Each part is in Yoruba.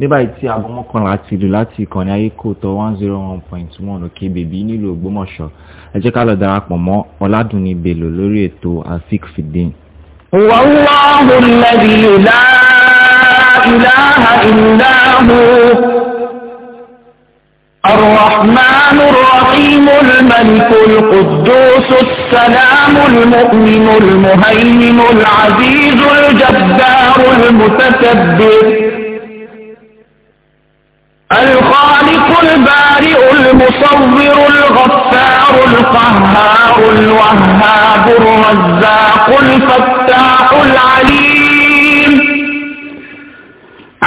ní báyìí tí aago mọ́kànlá ti lù láti ìkànnì ayékòótọ́ one zero one point one òkè bèbí nílùú ògbómọ̀ṣọ́ ẹ jẹ́ ká lọ darapọ̀ mọ́ ọ̀làdùnní bello lórí ètò afik fìdín. wàhùwàhù lẹ́bi ìlà ìlàhà ìlàhù الرحمن الرحيم الملك القدوس السلام المؤمن المهيمن العزيز الجبار المتكبر الخالق البارئ المصور الغفار القهار الوهاب الرزاق الفتاح العليم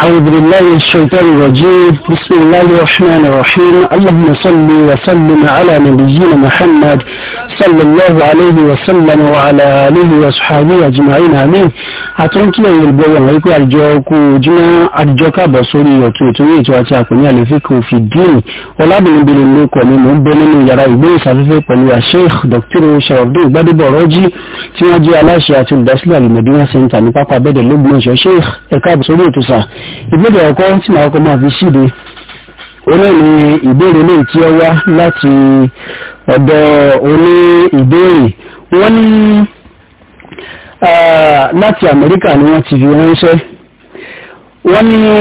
أعوذ بالله الشيطان الرجيم بسم الله الرحمن الرحيم اللهم صل وسلم على نبينا محمد صلى الله عليه وسلم وعلى آله وصحبه أجمعين آمين àtúntí ẹ̀yìn ìgbọ́wọ̀ àwọn ikú àjọ okú ojúmọ́ àjọ kábọ̀ sórí ọ̀tún ètò ètò àti àkùnrin àlefíkò fìdíìn ọlábìnrin lóko ni mò ń bẹ nínú yàrá ìgbóhùnsáfẹ́fẹ́ pẹ̀lú Sheikh Dr. Sharafdin Gbadebo Rọ́jí tí wọ́n jẹ́ aláṣẹ àti olùdásílẹ̀ Al-Medina Center ní pápá abẹ́dẹ̀ lógún ọ̀ṣọ́ Sheikh ẹ̀ka àbùsórí ètò sáà ìbéèrè ọkọ tí màá kọ máa fi ṣíde oní ní ìbéèrè lè tí ó wá láti ọ̀dọ̀ oní ìbéèrè wọ́n ní láti Amẹ́ríkà ni wọ́n ti fi ránṣẹ́ wọ́n ní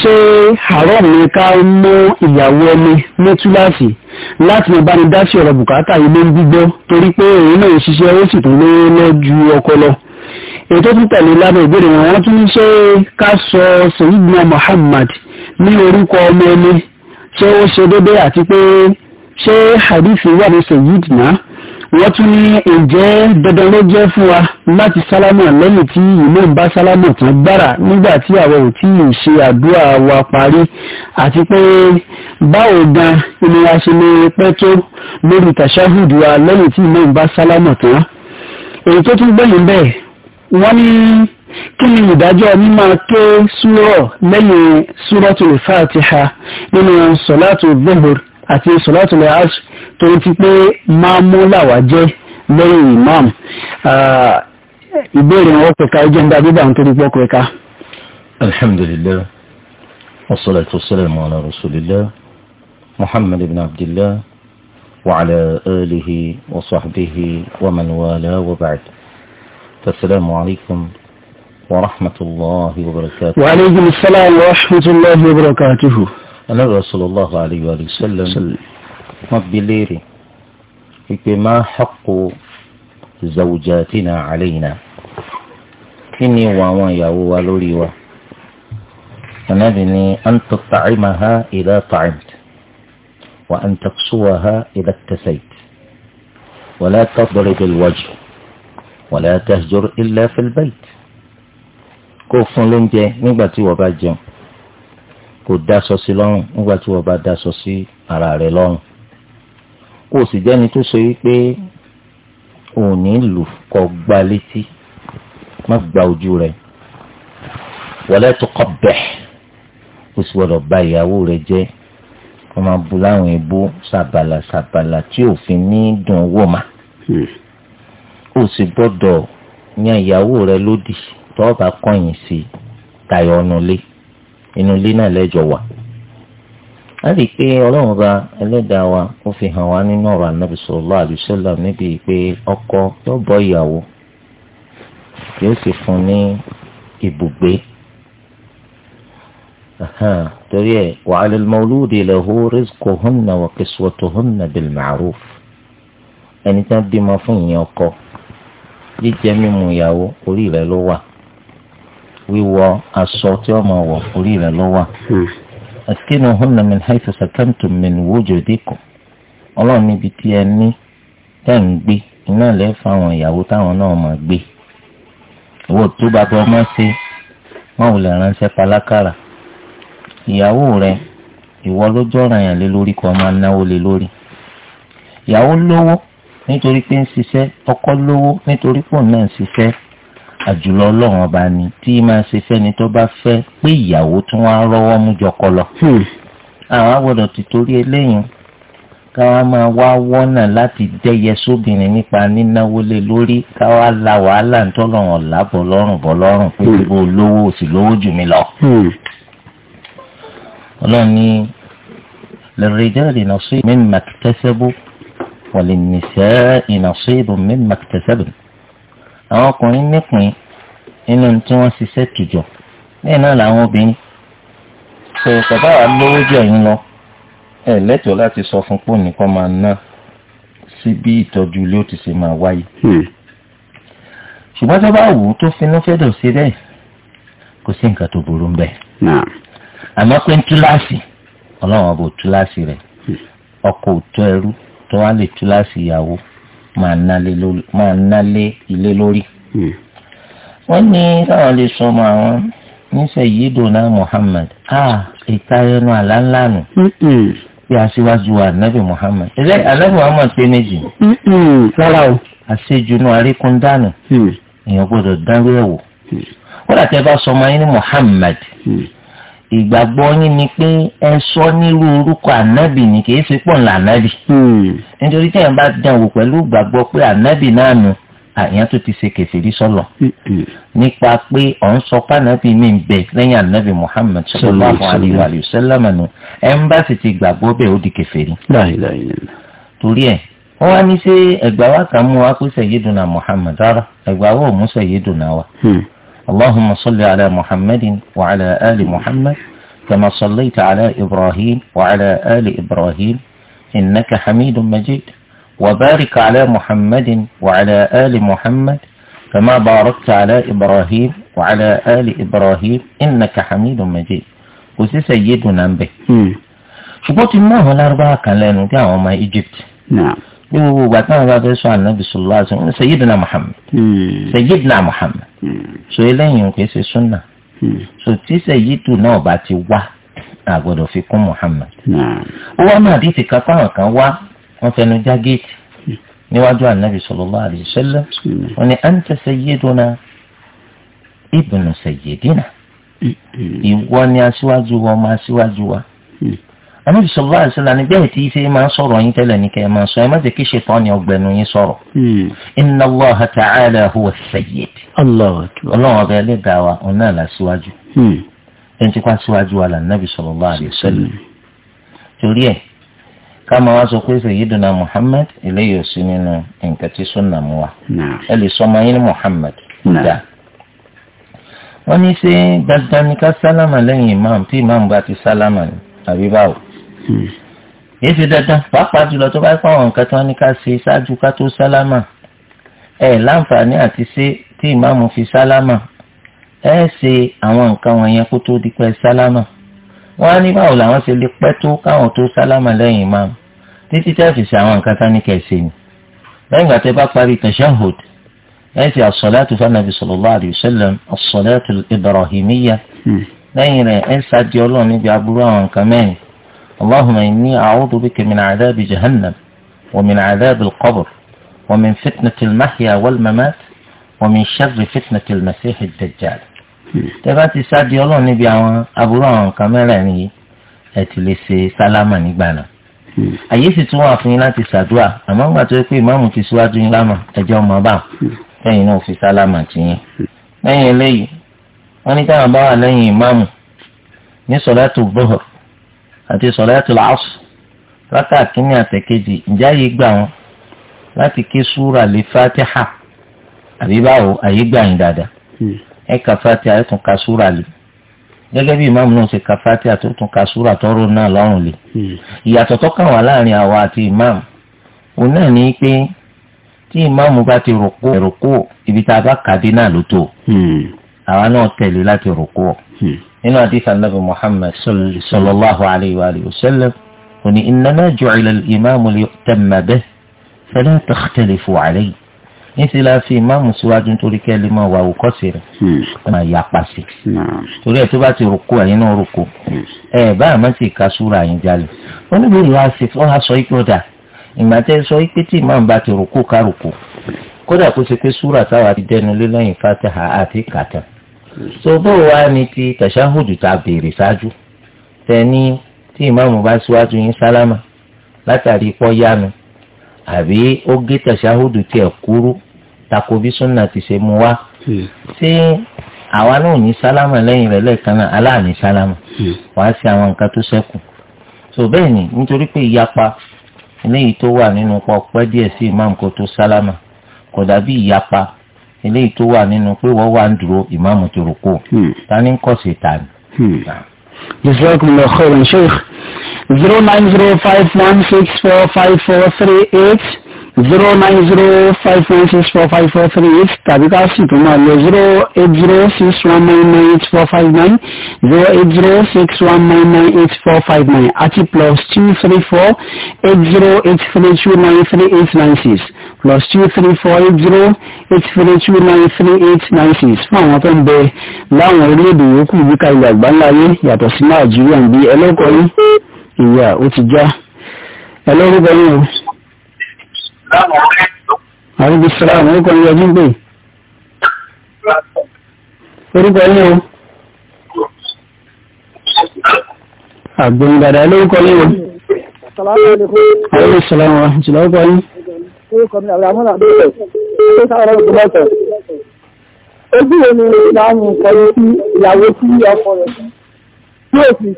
ṣé haram ni ká mú ìyàwó ẹni ní túláàsì láti máa bá ní dá sí ọ̀rọ̀ bùkátà ilé gbígbọ́ torí pé òun náà ń ṣiṣẹ́ ó sì tún lé lọ́jú ọkọ lọ èyí tó tún tẹ̀lé lábẹ́ ìbéèrè wọn wọ́n tún ṣe ká sọ sèyidina Muhammad ní orúkọ ọmọ ẹni ṣé ó ṣe déédéé àti pé ṣé hadith wà ní sèyidina wọ́n tún ní ǹjẹ́ dandan ló jẹ́ fún wa láti sálámà lẹ́yìn tí ìmọ̀ ń bá sálámà tán gbára nígbà tí àwọn ò tí ì ṣe àdúrà wa parí àti pé báwo gan ni a ṣe lè pẹ́ tó lórí tàṣáhùdù wa lẹ́yìn tí ìmọ̀ ń bá sálámà tán èyí tó tún gbẹ̀yìn bẹ́ẹ̀ wọ́n ní kí ni ìdájọ́ mímọ́ ké súrọ̀ lẹ́yìn súratul Fatiha nínú sọ̀látù dhuhur àti sọ̀látù asr tó ń ti pé máa mú làwà jẹ́ lẹ́yìn imam ìbéèrè wọn pẹ̀ka ẹjẹ́ ń dá bíbá ń torí pọ́ pẹ̀ka. alhamdulillah wassalatu wassalamu ala rasulillah wa ala alihi wa sahbihi wa man فالسلام عليكم ورحمة الله وبركاته وعليكم السلام ورحمة الله وبركاته أنا رسول الله عليه وآله وسلم ما بليري ما حق زوجاتنا علينا إني وما ياو والوري وا أن تطعمها إذا طعمت وأن تكسوها إذا اكتسيت ولا تضرب الوجه wala tahjur illa fil bayt kó fún lóúnjẹ nígbà tí wọ́n bá jẹun kó dáṣọ sí lọ́rùn nígbà tí wọ́n bá dáṣọ sí ara rẹ̀ lọ́rùn kó o sì jẹ́ni tó sọ yìí pé òní lù kọ́ gbá létí má gba ojú rẹ̀ wala tuqabbih kó sì gbọ́dọ̀ bà ìyàwó rẹ̀ jẹ́ wọ́n máa bu láwọn ebó sàbàlà sàbàlà tí òfin ní dùn wò má. Hmm o sì gbọ́dọ̀ yan ìyàwó rẹ lódì tó o bá kọ̀yìn sí tayọ ọ̀nulé inú ilé náà lẹ́jọ́ wà. a lè pé ọlọ́run bá ẹlẹ́dàá wa ó fi hàn wá nínú ọ̀rọ̀ ànábì sallallahu alaihi wasallam níbi pé ọkọ yóò bọ́ ìyàwó yóò sì fún ní ibùgbé torí ẹ wa'ala al-mawludi lahu rizquhunna wa kiswatuhunna bil ma'ruf ẹni tí wọn bímọ fún ìyẹn ọkọ jíjẹ mímu ìyàwó orí rẹ̀ ló wà wíwọ aṣọ tí ọmọ wọ orí rẹ̀ ló wà. Hmm. askinuhunna min haythu sakantum min wujudikum ọlọ́run níbi tí ẹ ní tẹ́ ń gbé iná lẹ́ fáwọn ìyàwó táwọn náà máa gbé. owó tó bá bọ́ ọmọ ṣe wọ́n ò lè ránṣẹ́ palákàrà ìyàwó rẹ̀ ìwọ lójọ́ ràn yàn lé lórí kó máa náwó lé lórí. ìyàwó lówó nítorí pé ń ṣiṣẹ́ ọkọ lówó nítorí pò náà ń ṣiṣẹ́ àjùlọ ọlọ́run ọba ni tí máa ṣe fẹ́ni tó bá fẹ́ pé ìyàwó tí wọ́n á rọ́wọ́ mú jọkọ lọ. Hmm. àwọn àgbọ̀dọ̀ ti torí eléyìí káwa máa wá wọ́nà láti dẹ́yẹ sóbìnrin nípa nínáwó lé lórí káwa la wàhálà ńtọ́lọ́run làbọ̀ lọ́rùn bọ̀ lọ́rùn pé hmm. gbogbo olówó sì lówó jù mí lọ. Hmm. ọlọ́run ní lẹ́rìndínláàdínlọ́sí mi màkítẹ́sẹ́bù walinisaa'i nasibun mimma iktasabna àwọn ọkùnrin nípìn nínú tí wọ́n ṣiṣẹ́ tùjọ lẹ́yìn náà làwọn obìnrin ṣe bàbá wa lówó jẹ́ yín lọ ẹ lẹ́tọ̀ọ́ láti sọ fún pò nìkan máa ná sí bí ìtọ́jú ilé ó ti ṣe máa wáyé hmm. ṣùgbọ́n tó bá wù ú tó finú fẹ́dọ̀ sí bẹ́ẹ̀ kò sí nǹkan tó burú ń àmọ́ pé ń túláàsì ọlọ́run ọba túláàsì rẹ̀ hmm. ọkọ òtó ẹrú tó wá lè tú láti ìyàwó máa nálé ilé lórí. Hmm. wọ́n ní táwọn lè sọ ọmọ àwọn ní Sayyiduna Muhammad ah ìtayẹnu àlàńlànà hmm. bí aṣíwájú wa anabi Muhammad ilé anabi Muhammad pé méjì. Hmm. rárá o. àṣejù náà arékún dànù èèyàn gbọ́dọ̀ dánwó ẹwò. wọ́n dàtẹ́ bá sọ ọmọ yín ní Muhammad. Mm ìgbàgbọ́ yín ni pé ẹ sọ nírú orúkọ ànábì ni kì í ṣe pọ̀ ńlá ànábì. Hmm. nítorí tẹ̀ ń bá dán wò pẹ̀lú ìgbàgbọ́ pé ànábì náà nù àyàn tó ti ṣe kẹfìrí sọlọ. Hmm. nípa pé ọ̀ ń sọ pànábì mi ń bẹ lẹ́yìn ànábì Muhammad sallallahu alayhi wa nù ẹ̀ ti gbàgbọ́ bẹ́ẹ̀ ó di kẹfìrí. torí ẹ̀ wọ́n wá ní ṣé ẹgbàá wa kàn mú wa pé sayyiduna Muhammad rárá ẹgbàá wa ò mú sayyiduna wa. Hmm. اللهم صل على محمد وعلى آل محمد كما صليت على إبراهيم وعلى آل إبراهيم إنك حميد مجيد وبارك على محمد وعلى آل محمد كما باركت على إبراهيم وعلى آل إبراهيم إنك حميد مجيد وزي سيدنا به شبوت الله الأربعة كان lárúbáwá kan وما إجبت نعم ní gbogbo ìgbà táwọn bá fẹ́ sọ ànábì sọlá àti wọn sayyidina Muhammad sayyidina so eléyìí ń pèsè súnà so tí sẹ̀yìdù náà bá ti wá àgbọ̀dọ̀ fi kún Muhammad. ó wá máa bí kápá àwọn wá wọn fẹnu já géètì hmm. níwájú ànábì sọlá wọn ànábì sọlá àṣìlá ni bẹ́ẹ̀ tí ṣe máa ń sọ̀rọ̀ yín tẹ́lẹ̀ ní kẹ́ ẹ máa sọ ẹ má jẹ́ kí ṣètọ́ ni ọgbẹ̀nu yín sọ̀rọ̀. Hmm. inna Allaha ta'ala huwa sayyid. ọlọ́run ọba ẹlẹ́dàá wa òun náà là síwájú. Hmm. ẹni tí kò síwájú wa là nàbì sọlá àṣìlá. torí ẹ ká máa wá sọ pé sayyiduna Muhammad eléyìí ò sí nínú nǹkan tí sunna mu wa. ẹ lè sọ wọ́n ní ṣé dandan ni ká sálámà lẹ́yìn imam tí imam bá ti sálámà ni àbí yìí ṣe dandan pàápàá jùlọ tó bá fáwọn nǹkan tí wọ́n ní ká ṣe ṣáájú ká tó sálámà ẹ láǹfààní àti ṣe tí ìmáàmù fi sálámà ẹ ṣe àwọn nǹkan wọ̀nyẹn kó tó di pé sálámà wọ́n á ní báwo làwọn ṣe lè pẹ́ tó káwọn tó sálámà lẹ́yìn ìmáàmù títí tẹ́ fi ṣe àwọn nǹkan tá ní kẹsì ni lẹ́yìn ìgbà tẹ́ bá parí tashahhud ẹ ṣe as fanabi sallallahu alayhi wa sallam hmm. lẹ́yìn rẹ̀ ẹ ṣáàdì اللهم إني أعوذ بك من عذاب جهنم ومن عذاب القبر ومن فتنة المحيا والممات ومن شر فتنة المسيح الدجال تباتي سادي الله نبي أبو الله كمالاني أتلسي سلاما نبانا أي ستوا في ناتي سادوا أما ما تقول إمام تسوا جين لاما تجاو مبا فإنه في سلاما تيني فإن لي أنا كان أبوها لي إمام نسولات àti sọ̀láàtì làásù rákà kínní àtẹ̀kejì ǹjẹ́ àyè gbà wọn láti ké súra lè fatiha àbí báwo àyè gbà yín dáadáa hmm. ẹ kà fatiha ẹ tún ka súra lè gẹ́gẹ́ bí ìmáàmù náà ṣe ka fatiha tó tún ka súra tọrọ náà lọ́rùn lè hmm. ìyàtọ̀ tó kàn wá láàrin àwa àti ìmáàmù òun náà ní pé tí ìmáàmù bá ti ibi tá a bá kàdé náà ló tó hmm. àwa nínú àdìsá nàbì muhammed sallallahu alayhi wa sallam òní innama ju'ila al-imamu liyu'tamma bihi fala takhtalifu alayhi níṣẹ́ la fi ìmáàmù síwájú nítorí kẹ́ lè máa wà òkọ́sì rẹ̀ hmm. máa yà pàṣẹ. Hmm. torí ẹ̀ tó bá ti rúkú ẹ̀yin náà rúkú hmm. ẹ̀ báyà má sì ka súra yín jalè. oníbèrè wa ṣe fọ́n aṣọ ikú ọ̀dà ìgbà tẹ́ sọ pé tí ìmáàmù bá ti rúkú ká rúkú kódà kó ṣe pé súra táwa ti dẹnu lé lẹ́yìn fatiha àti kàtà. sobo wa ni ti tàṣáhùdù ta béèrè ṣáájú tẹni tí ìmáàmù bá síwájú yín sálámà látàrí ipò yánu àbí ó gé tàṣáhùdù tiẹ̀ kúrú tako súnà ti ṣe mu wá hmm. ṣé àwa náà ní sálámà lẹ́yìn rẹ̀ lẹ́ẹ̀kan náà aláàní sálámà hmm. wàá ṣe àwọn nǹkan tó ṣẹ́kù tó bẹ́ẹ̀ ni nítorí pé ìyapa eléyìí tó wà nínú pọ̀ pẹ́ sí ìmáàmù kó tó sálámà kò eléyìí tó wà nínú pé wọ́n wà ń dúró ìmáàmù tó rò kó ta ni ń kọ̀ sí ta ni. jazakumullahu khairan sheikh zero nine zero five one six four five four three eight zero nine zero five nine six four five four three eight tàbí ká sì tún máa lọ zero eight zero six one nine nine eight four five nine zero eight zero six one nine nine eight four five nine àti plus two three four eight zero eight three two nine three eight nine six plus two three four eight zero eight three two nine three eight nine six fún àwọn tó ń bẹ láwọn orílẹ̀-èdè yòókù bí ká ilẹ̀ àgbáńlá ayé yàtọ̀ sí Nàìjíríà ń bí ẹlẹ́kọ̀ọ́ yìí ìyá ó ti já ẹlẹ́rú bẹ́ẹ̀ yẹn o àríbi sọ́rọ̀ àwọn orúkọ ní ọdún gbé orúkọ ní o àgbọn dàdà lórúkọ ní o àríbi sọ́rọ̀ àwọn jùlọ orúkọ ní ojú wo ni ìlànà ìkọlù sí ìyàwó sí ọkọ rẹ̀ tí ó sì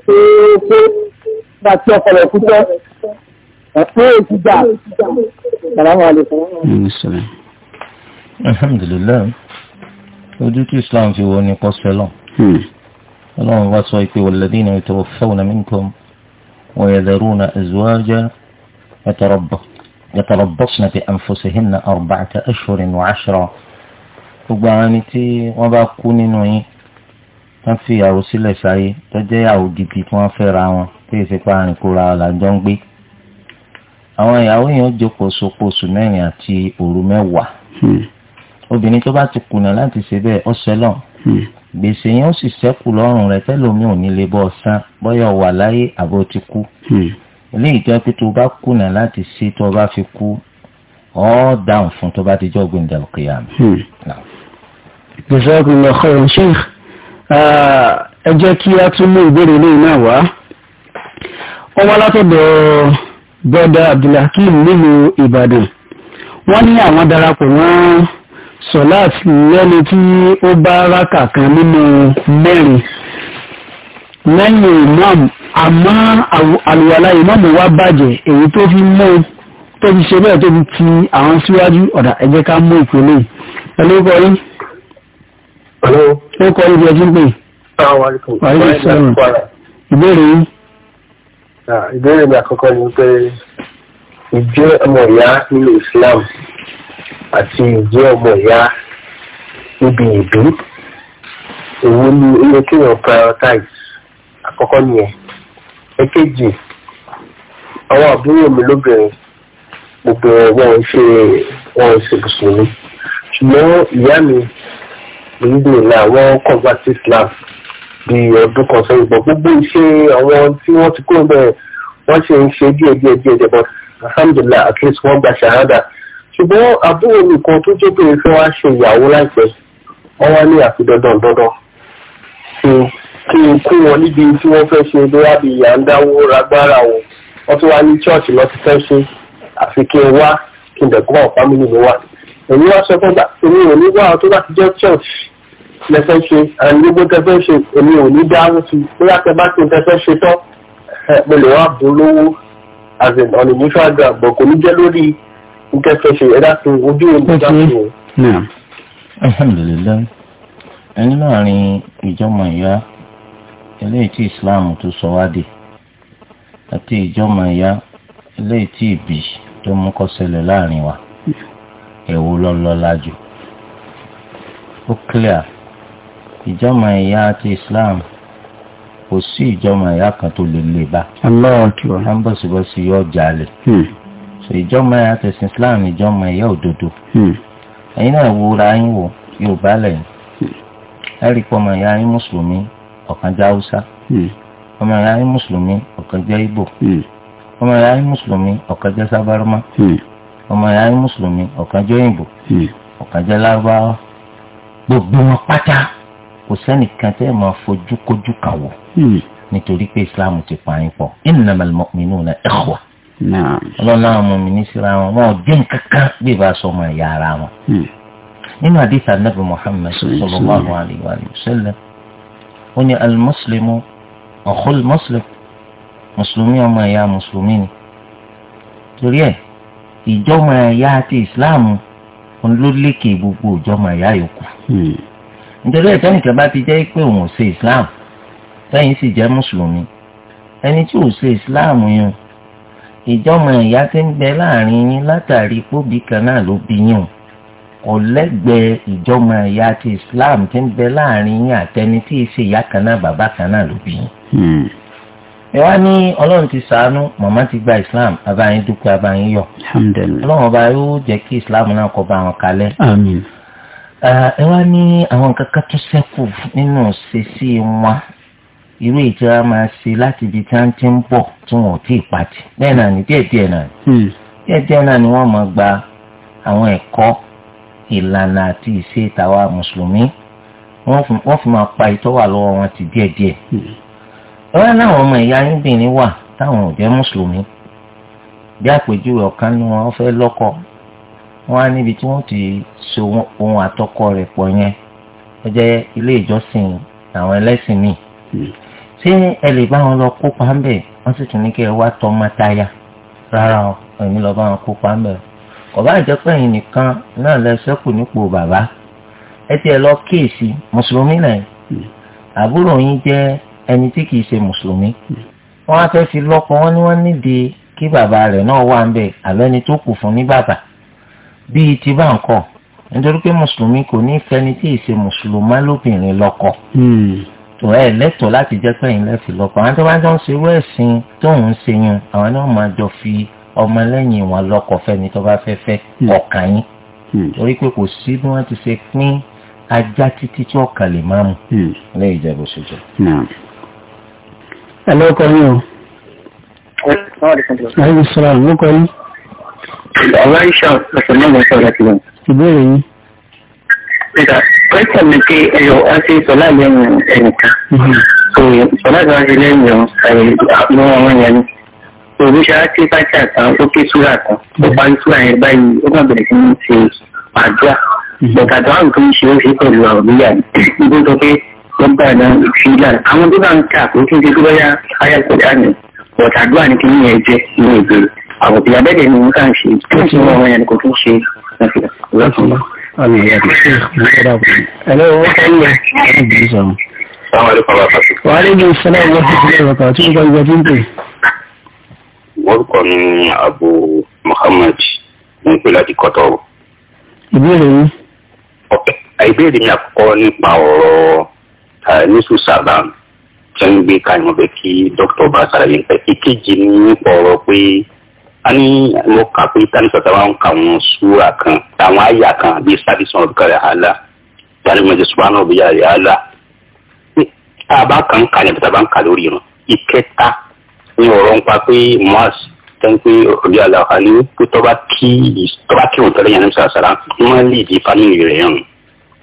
ṣe é ṣe gbà ọkọ rẹ̀ kú tẹ́ ẹ̀fọ́ gbà السلام عليكم السلام الحمد لله وجدت الإسلام في وني قصر الله الله وصيك والذين يتوفون منكم ويذرون أزواجا يتربصن بأنفسهن أربعة أشهر وعشرة وبعانتي وباكونين وي تنفي أو سلسعي تجي أو جبتي توافر عوان تيسي قاني كورا على جنبي àwọn ìyàwó yẹn ó jókòó sopọ̀ oṣù mẹ́rin àti òru mẹ́wàá hmm. obìnrin tó bá ti kùnà láti ṣe bẹ́ẹ̀ ọ̀sẹ̀ lọ hmm. gbèsè yẹn ó sì ṣẹ́kù lọ́rùn rẹ̀ tẹ́lómi ò ní lè bọ́ ọ̀sán bọ́yọ̀ wà láyé àbó ti kú hmm. eléyìí tó pé tó bá kùnà láti ṣe tó bá fi kú ọ́ dáhùn fún tó bá ti jọ́ gbìndà òkè àmì. jazakumullahu khairan sheikh ẹ jẹ́ kí a tún mú ìbéèrè náà wá ọmọ bọ́dà abdulhakeem nílùú ìbàdàn wọ́n ní àwọn darapọ̀ mọ́ sọ̀láàt lẹ́ni tí ó bá rákà kan nínú mẹ́rin lẹ́yìn imam àmọ́ àlùwàlá imam wa bàjẹ́ èyí tó fi mú tó fi ṣe bẹ́ẹ̀ tó fi ti àwọn síwájú ọ̀dà ẹ jẹ́ ká mú ìpínlẹ̀ ẹlẹ́ ó kọrí ó kọrí bí ẹjú ń pè ìbéèrè yìí ìbéèrè mi àkọ́kọ́ ni pé ìjẹ́ ọmọ ìyá nínú Islam àti ìjẹ́ ọmọ ìyá níbi ìbí èwo ni ó yẹ kéèyàn prioritize àkọ́kọ́ nìyẹn èkejì àwọn àbúrò mi lóbìnrin gbogbo wọn ṣe wọn ṣe mùsùlùmí ṣùgbọ́n ìyá mi nígbè náà wọ́n convert Islam bí ọdún kan sẹ́yìn bọ̀ gbogbo iṣẹ́ àwọn tí wọ́n ti kó bẹ́ẹ̀ wọ́n ṣe ń ṣe díẹ̀ díẹ̀ díẹ̀ díẹ̀ but alhamdulilah at least wọ́n gba ṣahada ṣùgbọ́n àbúrò nìkan tó jẹ́ pé fẹ́ wá ṣe ìyàwó láìpẹ́ wọ́n wá ní àfi dandan dandan kí n kú wọn níbi tí wọ́n fẹ́ ṣe bóyá bí ìyá ń dáwó ragbára o wọ́n tún wá ní church, lọ ti fẹ́ ṣe àfi kí n wá kí n dẹ̀kọ́ àwọn fámìlì mi wá èmi wá sọ fún gbà èmi ò ní wá tó bá ti jẹ́ chọ́ọ̀chì lẹ fẹ́ ṣe àmì gbogbo tẹ fẹ́ ṣe èmi ò ní dáhùn sí i bóyá tẹ bá ti tẹ fẹ́ ṣe tán ẹ mo lè wá bùn lówó àti ọ̀nà mutual grant bọ̀ kò ní jẹ́ lórí nǹkan ṣe ẹ̀dá sí ojú òní dáhùn. ẹni láàrin ìjọmọ ìyá eléyìí tí islam tó sọ wá dé àti ìjọmọ ìyá eléyìí tí ìbí tó mú kó ṣẹlẹ̀ láàrin wa èwo ló jù ó clear ìjọmọ ẹ̀yà àti islam kò sí ìjọmọ ẹ̀yà kan tó lè lè bá. wọ́n bọ̀ síbọ̀ sí yọ jalè. Hmm. ìjọmọ ẹ̀yà àti islam ìjọmọ ẹ̀yà òdodo. Hmm. ẹ̀yin náà wúra yín wò yorùbá lẹ́yìn. Hmm. ẹ̀rí pọ̀ ọmọ ẹ̀yà yín mùsùlùmí ọ̀kan jẹ́ haúsá. ọmọ ẹ̀yà yín mùsùlùmí ọ̀kan jẹ́ ìgbò. ọmọ ẹ̀yà yín mùsùlùmí ọ̀kan jẹ́ sábàrúmá. ọmọ ẹ̀yà yín mùsùlùmí ọ̀kan jẹ́ òyìnbó. ọ̀kan jẹ́ lárúbáwá. gbogbo wọn pátá kò sẹ́nìkan tẹ́ máa fojú kojú kàn wò hmm. nítorí pé islam ti pa yín pọ̀ innamal mu'minuna ikhwa ọlọ́lá àwọn ọmọ mi ní síra wọn wọn ò dín kankan bí ìbá sọ ọmọ ìyá ara wọn. Hmm. nínú àdìsí anábì muhammed sallallahu alayhi wa sallam ó ní alimuslimu ọ̀kọ́l muslim mùsùlùmí ọmọ ìyá mùsùlùmí ni torí ẹ̀ ìjọ́mọ̀ ẹ̀yà àti islam ló lékè gbogbo ìjọ́mọ̀ ẹ̀yà yòókù. Hmm nítorí ẹ̀ tẹ́nìkan bá ti jẹ́ pé òun ò ṣe islam sẹ́yìn sì jẹ́ mùsùlùmí ẹni tí ò ṣe islam yẹn ìjọmọ ìyá ti ń bẹ láàrin yín látàrí póbi kan náà ló bí yín o kò lẹ́gbẹ̀ẹ́ ìjọmọ ìyá ti islam ti ń bẹ láàrin yín àtẹni tí ì ṣe ìyá kan náà bàbá kan náà ló bí yín hmm. ẹ wá ní ọlọ́run ti sàánú màmá ti gba islam abayín dúpẹ́ abayín yọ ọlọ́run ọba yóò jẹ́ kí islam náà kó bá wọn kalẹ̀. ẹ wá ní àwọn nǹkan kan tó ṣẹ́kù nínú ṣèṣì wọn irú a máa ṣe láti ibi tí wọ́n ti ń bọ̀ tí wọ́n ò tí ì pàtì bẹ́ẹ̀ náà ni hmm. wọ́n máa gba àwọn ẹ̀kọ́ ìlànà àti ìṣe tawa mùsùlùmí wọ́n fi máa pa ìtọ́ wà lọ́wọ́ wọn ti díẹ̀ hmm. ẹ wá ọmọ ìyá yín bìnrin wà táwọn ò jẹ́ mùsùlùmí bí àpèjúwe ọ̀kan ni wọ́n wọ́n á níbi tí wọ́n ti so ohun àtọkọ rẹ̀ pọ̀ yẹn ó jẹ́ ilé ìjọsìn àwọn ẹlẹ́sìn míì ṣé ẹ lè bá wọn lọ kópa ń bẹ̀ wọ́n sì tún ní kí ẹ wá tọ́ ọmọ rárá o ẹ̀yin lọ bá wọn kópa ń bẹ̀ kò bá jẹ́ pé ẹ̀yin nìkan náà lẹ ṣẹ́kù nípò bàbá ẹ tiẹ̀ lọ kíyèsí mùsùlùmí náà àbúrò yín jẹ́ ẹni tí kìí ṣe mùsùlùmí wọ́n á fẹ́ fi lọ́kọ wọn ni wọ́n nídìí kí bàbá rẹ̀ náà wà ń bẹ̀ àbẹ́ni tó kù fún ní bàbá bíi ti bá ń kọ nítorí pé mùsùlùmí kò ní fẹni tí ìṣe mùsùlùmá lóbìnrin lọ́kọ hmm. tó ẹ lẹ́tọ̀ọ́ láti jẹ́ pé ẹ̀yin lẹ́sìn lọ́kọ àwọn tó bá jọ ń ṣe irú ẹ̀sìn tóun ń ṣe yun àwọn náà máa jọ fi ọmọlẹ́yìn wọn lọ́kọ fẹ́ni tó bá fẹ́ fẹ́ hmm. ọ̀kàn yín hmm. torí pé kò sí bí wọ́n ti ṣe pín ajá títí tí ọ̀kàn lè máa mú lẹ́yìn ìjẹ́bù ṣojú. ẹ lọ́kọ yín o. ẹ lọ́kọ yín ọ̀rọ̀ ìṣọ̀ ọ̀sẹ̀ náà wọ́n sọ̀rọ̀ ti lọ. ìbéèrè yín. nígbà pẹ́sẹ̀ mi pé ẹyọ ọ̀sẹ̀ sọ̀lá lẹ́yìn ẹnìkan. Mhm. sọ̀lá tó wáṣẹ lẹ́yìn ọ̀hún àwọn ọmọ yẹn ni. olùṣọ́ á ti bájà kan ó ké súrà kan ó parí súrà yẹn báyìí ó má bẹ̀rẹ̀ sí ní ṣe àdúrà. Mhm. bọ̀dà tó àwọn tó ń ṣe ó ṣe pẹ̀lú àwọn ìyá nígbà tó àdúrà ni ní ẹ ní ìbéèrè àwọn ìyàbẹ̀dẹ̀ ni wọ́n kà ń ṣe tó ń ṣe wọ́n wọ́n yẹn kò tún ṣe nàfílà. Àmì ìyá kò sí ìgbésọ̀dá kò. Ẹ̀lẹ́ owó kẹ́lẹ̀ ẹ̀rọ ìgbésọ̀ sọ̀rọ̀. Wà á lè ní ìṣẹ́lẹ̀ ìwọ́n ti sílẹ̀ ìwọ̀n kan tí wọ́n gbọ́ tí ń pè. Orúkọ mi ni Abu Muhammad ń pè láti Kọ́tọ́rù. Ìbéèrè yín. Ìbéèrè mi àkọ́kọ́ nípa ọ̀rọ̀ Nísù Sàbàm tí wọ́n gbé ká ìmọ̀ bẹ́ẹ̀ kí dókítà bá ṣàlàyé nípa ìkejì ní ọ̀rọ̀ pé ani ní mo kà pé tani sọ̀tà wa ń kà wọn súra kan àwọn àyà kan bíi sábì sọ̀rọ̀ bí kàrẹ̀ àlà tani mọ̀jẹ̀ sùpánà òbí yàrá àlà tá a bá kàn kà ní bí tá a bá ń kà lórí irun ìkẹta ní ọ̀rọ̀ ń pa pé mars tẹ́ńpé òbí àlàkà ní pé tọ́ba kí tọ́ba kí òun tẹ́lẹ̀ yẹn ní sàràsàrà wọ́n lè di fámìlì rẹ̀ yẹn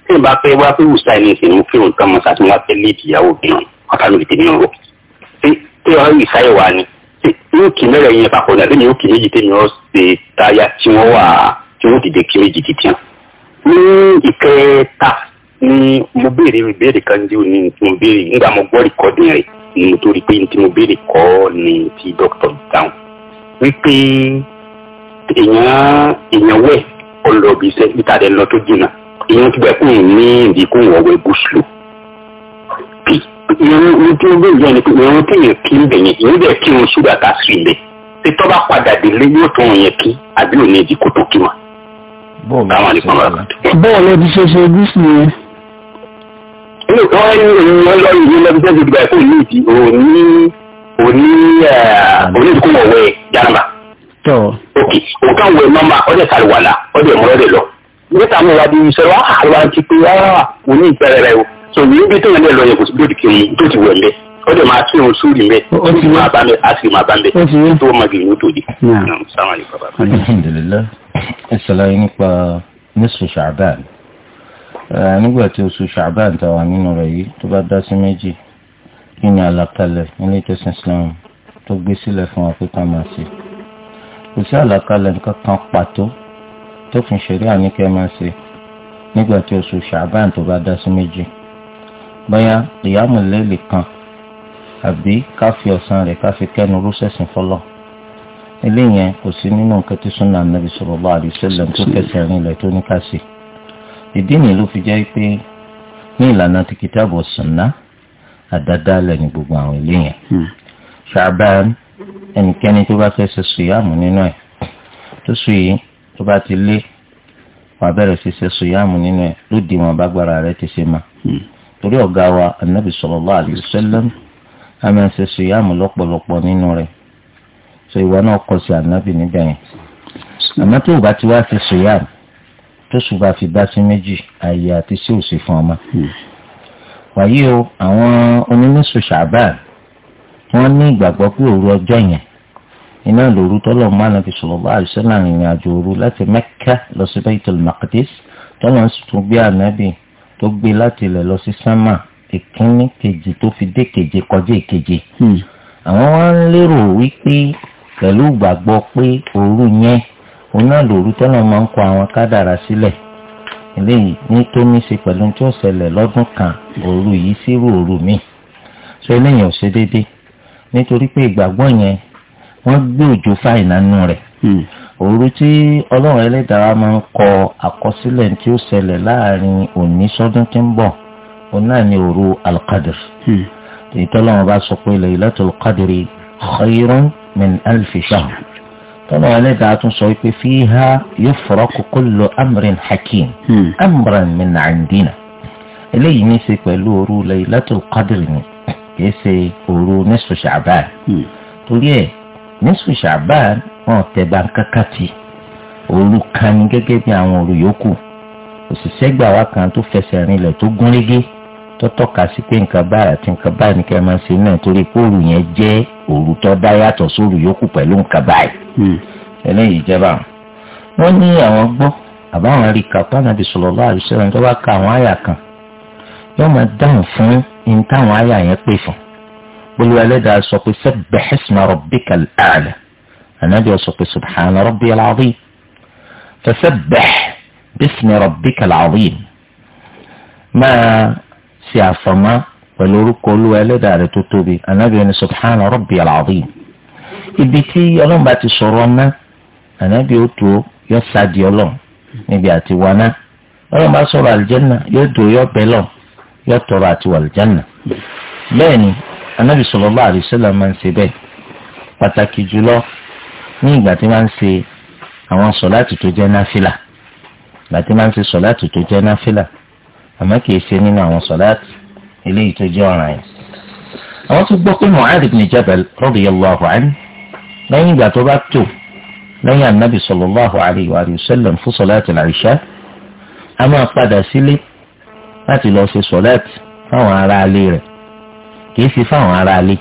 tí ìbá pé wá pé wùsà ẹni ìsìn mú kí òun tán mọ́ sàtúnwá pé lè dìyàwó bí wọn ọ̀tá mi lè tẹ̀lé wọn rò pé tí ọ̀rọ̀ ìsáyẹ̀wá ni yóò kì mẹ́rẹ̀ yẹn papọ̀ ní àbẹ́ni yóò kì méjì tẹ́mi ọ́ ṣe táyà tí wọ́n wà tí wọ́n dìde kí méjì ti tiẹ̀. ní ìkẹta ni mo béèrè ìbéèrè kan ní òní tí mo béèrè nígbà mo gbọ́ rìkọ́dì rẹ̀ ni mo tó rí pé tí mo béèrè kọ́ ni ti dókítà dáhùn. wípé èèyàn èèyàn wẹ̀ ọlọ́ọ̀bì iṣẹ́ níta rẹ̀ lọ tó jìnnà èèyàn ti gbà kóun ní ìdí ọ̀wẹ́ gúúsù lò irun ní tí ó gbé ìyá ni pé irun téèyàn kí ń bẹ̀ yẹn ìyẹn bẹ̀ kí irun ṣúgà ká sí ibẹ̀ pé tọ́ bá padà délé yóò tó wọn yẹn kí àbí òní ẹ̀dí kò tó kí wọn. bọ́ọ̀lù ẹ ti ṣe ṣe gúúsù yẹn. ilé ìtọ́ ẹni òun wọn lọ ìlú lọ́dún tó ti gbà kó ní ìdí òní òní òní ìdíkò wọ̀wẹ́ jàǹbá. ok òkà wẹ̀ nọ́mà ọ̀dẹ̀ kàlùwàlà so níbi tó ń lẹ lọ yẹ kò sí bóòdì kiri tó ti wẹ̀ mbẹ́ ó lè máa tún oṣù rí mbẹ́ ó sì máa bá mbẹ́ á sì máa bá mbẹ́ tó o máa gbìyànjú tó di. sáwọn àlè bàbá. alhamdulilayi ẹ ṣàlàyé nípa nísù ṣàbàn nígbà tí oṣù ṣàbàn ta wà nínú rẹ̀ yìí tó bá dá sí méjì kí ni àlàkalẹ̀ nílé ìjọsìn islam tó gbé sílẹ̀ fún wa pé ká máa ṣe kò sí àlàkalẹ̀ nǹkan kan pàtó tó fi ṣeré àníkẹ́ máa ṣe nígbà tí oṣù ṣàbàn tó bá dá sí méjì bóyá ìyàmù lélì kan àbí ká fi ọ̀sán rẹ̀ ká fi kẹ́nu rúṣẹ̀sìn fọlọ́ ilé yẹn kò sí nínú nǹkan tí súnà nàbì sallallahu alaihi wasallam tó kẹsẹ̀ rìn ilẹ̀ tó ní ká sí ìdí nìyí ló fi jẹ́ pé ní ìlànà ti kìtàbù sunna àdádálẹ̀ ní gbogbo àwọn ilé yẹn hmm. ṣàbán ẹnikẹ́ni tó bá fẹ́ ṣe sùyàmù nínú ẹ̀ tó sùn yìí tó bá ti lé wàá bẹ̀rẹ̀ sí ṣe sùyàmù nínú ẹ̀ lóde wọn bá gbára rẹ̀ ti ṣe máa torí ọ̀gá wa anabi sallallahu alayhi wa sallam a máa ṣe ṣìyàmù lọ́pọ̀lọpọ̀ nínú rẹ̀ so ìwọ náà kọ sí anabi níbẹ̀ yẹn àmọ́ tó o bá ti wá ṣe ṣìyàmù tó ṣùgbà fi bá sí méjì ààyè àti sí òsì fún ọmọ wàyí o àwọn onímọ̀sù ṣàbáà wọ́n ní ìgbàgbọ́ pé òru ọjọ́ yẹn iná lòru tọ́lọ̀ mọ́ anabi sallallahu alayhi wa sallam àjò òru láti Mẹ́kà lọ sí Baitul Maqdis tọ́lọ̀ ń tó gbé láti ilẹ̀ lọ sí sánmà ìkíní kejì tó fi dé keje kọjá ìkeje hmm. àwọn wá ń lérò wípé pẹ̀lú ìgbàgbọ́ pé òru yẹn oná lòru tọ́lọ́ máa ń kọ àwọn kádàrá sílẹ̀ eléyìí ní tó ní ṣe pẹ̀lú tí ó ṣẹlẹ̀ lọ́dún kan òru yìí sírò òru mi sọ eléyìí ò ṣe déédéé nítorí pé ìgbàgbọ́ yẹn wọ́n gbé òjò fáìnà nù rẹ̀ hmm òru tí ọlọ́run ẹlẹ́dàá máa ń kọ àkọsílẹ̀ tí ó ṣẹlẹ̀ láàrin òní sọ́dún tí ń bọ̀ òun náà ni òru alqadr hmm. èyí tọ́lọ́run bá sọ pé laylatul qadri khayrun min alfi shahr tọ́lọ́run ẹlẹ́dàá tún sọ pé fiha yufraqu kullu amrin hakim hmm. amran min indina eléyìí ní í ṣe pẹ̀lú òru laylatul qadri ni kì í ṣe òru nisfu sha'ban hmm. torí ẹ̀ nísù ṣàbáàn wọn tẹ̀gbà kankan ti òru kan ní gẹ́gẹ́ bí àwọn òru yòókù òṣìṣẹ́ gbà wá kan tó fẹsẹ̀ rinlẹ̀ tó gún régé tó tọ́ka sí pé nǹkan báyìí àti nǹkan báyìí ní kẹ́ẹ́ máa ṣe náà torí pé òru yẹn jẹ́ òru tó dá yàtọ̀ sóru yòókù pẹ̀lú nǹkan báyìí hmm. eléyìí jẹba wọn ní àwọn gbọ́ àbáwọn rí ká pànàbí sallallahu alaihi wasallam tó bá ka àwọn àyà kan yóò máa dáhùn fún ní táwọn àyà yẹn pè fún un والوالدة سقي سبح اسم ربك الأعلى النبي سقي سبحان ربي العظيم فسبح باسم ربك العظيم ما سيعصم ولورك الوالدة لتتوبي النبي سبحان ربي العظيم ibiti ọlọ́run bá ti sọ̀rọ̀ ọ́nà ànábì ó tó yọ sáàdì ọlọ́run níbi àti wọnà ọlọ́run bá sọ̀rọ̀ àlùjẹ́nà yóò tó yọ bẹ́ẹ̀ lọ yọ tọrọ àti wọ àlùjẹ́nà bẹ́ẹ̀ ni anabi sallallahu alaihi wasallam máa ń ṣe bẹ́ẹ̀ pàtàkì jùlọ ní ìgbà tí máa ń ṣe àwọn sọláàtì tó jẹ́ náfìlà ìgbà tí máa ń ṣe sọláàtì tó jẹ́ náfìlà àmọ́ kì í ṣe nínú àwọn sọláàtì eléyìí tó jẹ́ ọ̀ràn yìí. àwọn tó gbọ́ pé Mu'adh ibn Jabal radiyallahu anhu lẹ́yìn ìgbà tó bá tó lẹ́yìn anabi sallallahu alaihi wasallam fún sọláàtì làìṣá a máa padà sílé láti lọ ṣe sọláàtì fáwọn ará alé rẹ̀ kì í ṣe fáwọn aráalé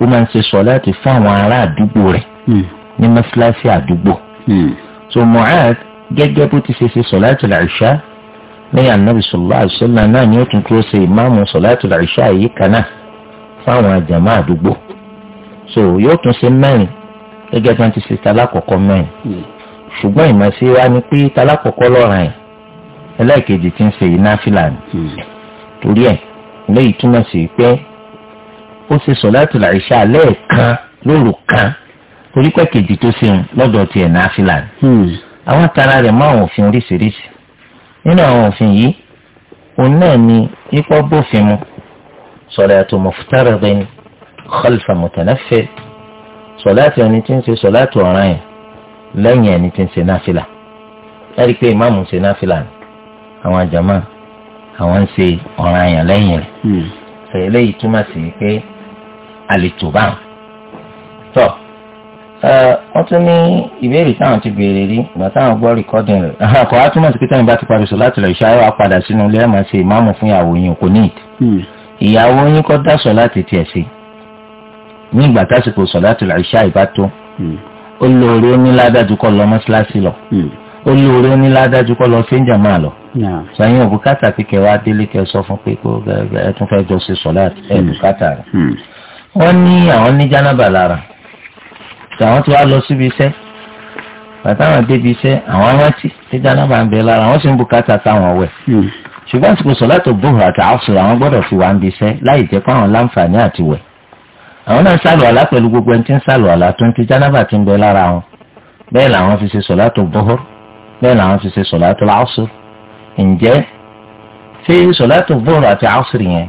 ó máa ń ṣe sọ̀láàtì fún àwọn ará àdúgbò rẹ̀ hmm. ní mọ́ṣáláṣí àdúgbò. Hmm. so Mu'adh gẹ́gẹ́ bó ti ṣe ṣe sọ̀láàtì làṣà lẹ́yìn anabi sallallahu alaihi wasallam náà ni ó tún tó ṣe ìmáàmù sọ̀láàtì làṣà yìí kan náà fáwọn àjàmá àdúgbò. so yóò tún ṣe mẹ́rin gẹ́gẹ́ bí wọ́n ti ṣe talákọ̀ọ́kọ́ mẹ́rin hmm. ṣùgbọ́n ìmọ̀sí wa ni pé talákọ̀ọ́kọ́ lọ́ràn yìí ẹlẹ́ẹ̀kejì ti ń ṣe yìí ní torí ẹ̀ lẹ́yìn túmọ̀ sí pé ó ṣe sọ̀láàtù làìṣà lẹ́ẹ̀kan lóru kan orípẹ́ kejì tó ṣe hàn lọ́dọ̀ tiẹ̀ náfìlà ni. Hmm. àwọn atara rẹ̀ mọ́ àwọn òfin oríṣiríṣi nínú àwọn òfin yìí òun náà ni ipò bófin mu sọ̀láàtù muftaradin khalfa mutanaffil sọ̀láàtù ẹni tí ń ṣe sọ̀láàtù ọ̀ràn yẹn lẹ́yìn ẹni tí ń ṣe náfìlà ẹ̀rí pé ìmáàmù ń ṣe náfìlà ni àwọn àjàmá àwọn ń ṣe ọ̀ràn yẹn lẹ́yìn rẹ̀ hmm. eléyìí túmọ̀ sí pé àlètò bá wọn. tọ́ wọ́n tún ní ìbéèrè táwọn ti béèrè rí ìgbà táwọn gbọ́ rìkọ́dìn rẹ̀ kọ́ á túmọ̀ sí pé táwọn bá ti parí sọ láti lọ ìṣáájú wa padà sínú ilé ẹ̀ máa ṣe ìmáàmù fún ìyàwó yín kò ní ìdí. Hmm. ìyàwó yín kọ́ dá sọ láti tiẹ̀ sí ní ìgbà tásìkò sọ láti lọ ìṣáájú bá tó hmm. ó lóore ó ní ládájú kọ́ lọ mọ́ṣáláṣí lọ hmm. ó lóore ó ní ládájú kọ́ lọ séńjà máa lọ sọyìn òbúkátà kíkẹ́ wá délé kẹ́ sọ fún pé kó ẹ tún fẹ́ jọ ṣe sọ láti ẹ bùkátà rẹ̀ wọ́n ní àwọn ní jánábà lára àwọn tí wàá lọ síbi iṣẹ́ bàtàwọn débi iṣẹ́ àwọn arántí tí jánábà ń bẹ lára àwọn sì ń bùkátà táwọn wẹ̀ hmm. ṣùgbọ́n àsìkò sọ̀lá tó bóhùn àti àṣùrọ̀ àwọn gbọ́dọ̀ fi wà ń bi iṣẹ́ láì jẹ́ pé àwọn láǹfààní àti wẹ̀ àwọn náà ń sálù àlá pẹ̀lú gbogbo ẹni tí ń sálù àlá tó ń ti jánábà ti ń bẹ lára wọn bẹ́ẹ̀ làwọn fi ṣe sọ̀lá tó bóhùn bẹ́ẹ̀ làwọn fi ṣe sọ̀lá tó láṣùr ǹjẹ́ ṣé sọ̀lá tó bóhùn àti àṣùr yẹn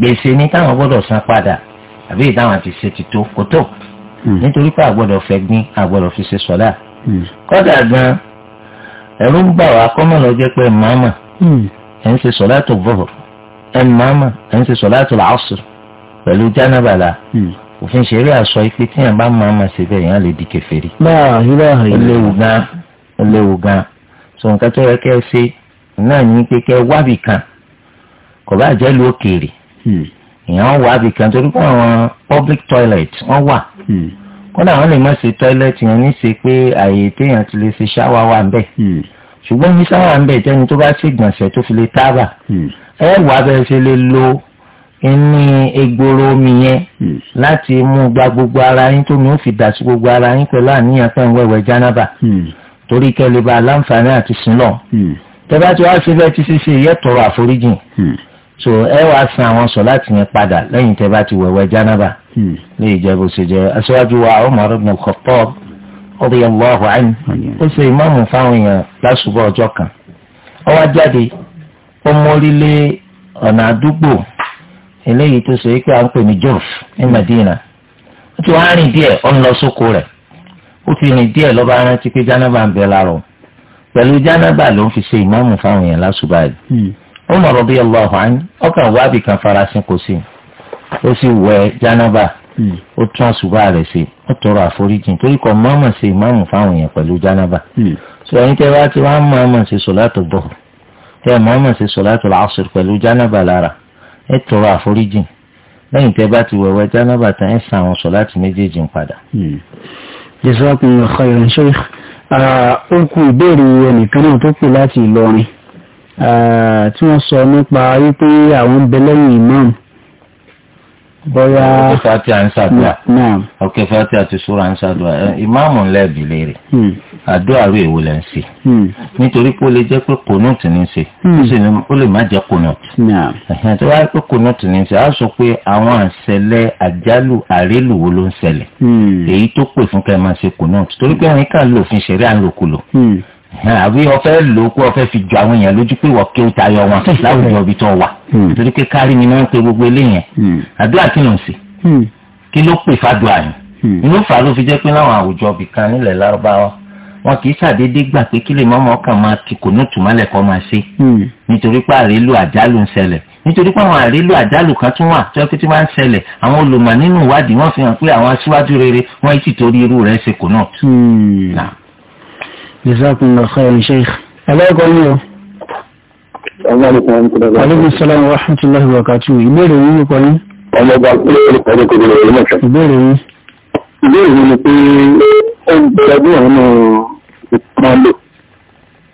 gbèsè ni táwọn gbọ́dọ̀ san padà àbí ìdáhùn àti ṣe ti tó kò tó hmm. nítorí pé àgbọ̀dọ̀ fẹ́ gbin àgbọ̀dọ̀ fi ṣe sọ̀lá. Hmm. kọ́dà gan ẹ̀rú ń gbà wá kọ́mọ̀ lọ jẹ́ pé màmá hmm. ẹ̀ ń ṣe sọ̀lá tó bọ̀ ẹ̀ màmá ẹ̀ ń ṣe sọ̀lá tó làásù pẹ̀lú jánábàlà òfin ṣeré àṣọ ipe tí yàn bá màmá ṣe bẹ́ẹ̀ yàn lè di kèfèrí. ó léwu gan ó gan so nǹkan èèyàn wà á di kan torí pé àwọn public toilet wọ́n wà hmm. kódà wọ́n lè má ṣe toilet yẹn ní ṣe pé àyè téèyàn ti lè ṣe ṣáwá wà ń bẹ̀ hmm. ṣùgbọ́n ní ṣáwá ń bẹ̀ tẹ́ni tó bá ṣe gbọ̀nsẹ̀ tó fi lè tábà hmm. ẹ wà á bẹ̀rẹ̀ ṣe lè lo ẹni egboro omi yẹn láti mú gba gbogbo ara yín tó mi ó fi dà sí gbogbo ara yín pẹ̀lú àníyàn pẹ̀ ń wẹ̀wẹ̀ jánábà torí kẹ́lẹ́ bá láǹfààní àti sílọ̀ tẹ́ bá ti wá síbẹ̀ ti ṣe ṣe ìyẹ́tọ̀rọ̀ àforíjìn. so ẹ wá san àwọn sọ láti yẹn padà lẹ́yìn tẹ́ bá ti wẹ̀wẹ̀ jánábà ní hmm. ìjẹbù ṣèjẹ aṣáájú wa Umar ibn al-Khattab radiyallahu anhu ó ṣe ìmáàmù fáwọn èèyàn ọjọ́ kan ó wá jáde ó mórílé ọ̀nà àdúgbò eléyìí tó ṣe pé à ń pè ní Jọ́f ní Madina ó ti wá rìn díẹ̀ ó ń lọ sóko rẹ̀ ó ti rìn díẹ̀ rántí pé ń bẹ Umar radiyallahu anhu ọkàn wábì kan farasin kò sí ó sì wẹ̀ jánábà hmm. ó tún àṣùbà rẹ̀ ṣe ó tọrọ àforíjìn torí kọ mọ́mọ́ ṣe ìmáàmù fáwọn èèyàn pẹ̀lú jánábà hmm. sọ ẹni tẹ́ bá ti wá mọ́mọ́ ṣe sọ̀látò bọ̀ tẹ́ mọ́mọ́ ṣe sọ̀látò làásùr pẹ̀lú jánábà lára ẹ tọrọ àforíjìn lẹ́yìn tẹ́ bá ti wẹ̀wẹ̀ jánábà tán ẹ san àwọn sọ̀látì méjèèjì padà. jẹ́sọ́ kùnrin ọ̀kọ́ ìrìnṣẹ́ ó ìbéèrè ẹnìkan náà tó kù láti Ìlọrin Eh, tí wọ́n sọ nípa wípé àwọn ń bẹ lẹ́yìn imam bóyá fati ansadu ok fati àti sura ansadu eh, imaamu ńlẹ́ẹ̀bì léèrè hmm. àdúrà rẹ̀ èwo lẹ́ ń ṣe hmm. nítorí pé ó lè jẹ́ pé konut hmm. ní í ṣe ó lè má jẹ́ konut tó wáyé pé konut ní í ṣe á sọ pé àwọn àṣẹlẹ̀ àjálù àrélù wo ló ń ṣẹlẹ̀ èyí tó pè fún kẹ́ máa ṣe konut torí pé àwọn yìí kà ń lò fún ṣẹ̀rí à ń lò àbí ọfẹ lò kó ọfẹ fi ju àwọn èèyàn lójú pé wọ́n ó tayọ wọn hmm. láwùjọ ibi tó wà hmm. torí pé kárí ni wọ́n ń pe gbogbo eléyẹn hmm. àdúrà kí ló ń sè kí ló pè fàdúrà yìí inú fà ló fi jẹ́ pé láwọn àwùjọ ibì kan nílẹ̀ lárúbáwá wọn kì í ṣàdédé gbà pé kí lè mọ́mọ́ kàn máa ti kò ní tùmọ́lẹ̀ kọ́ máa ṣe nítorí pé àrélù àjálù ń ṣẹlẹ̀ nítorí pé àwọn àrélù àjálù kan tún wà tí wọ́n ti máa ń ṣẹlẹ̀ àwọn olùmọ̀ nínú ìwádìí wọ́n fi hàn pé àwọn aṣíwájú rere wọ́n ti torí irú rẹ̀ ṣe kò náà. Jazakumullahu الله خير ẹlẹ́kọ̀ọ́ ní o. aleykum salaam wa rahmatullahi wa barakatuh ìbéèrè yìí nípa yín. ọmọọba ìbéèrè yìí. ni pé ó ń gbẹ́gbẹ́ àwọn máa lò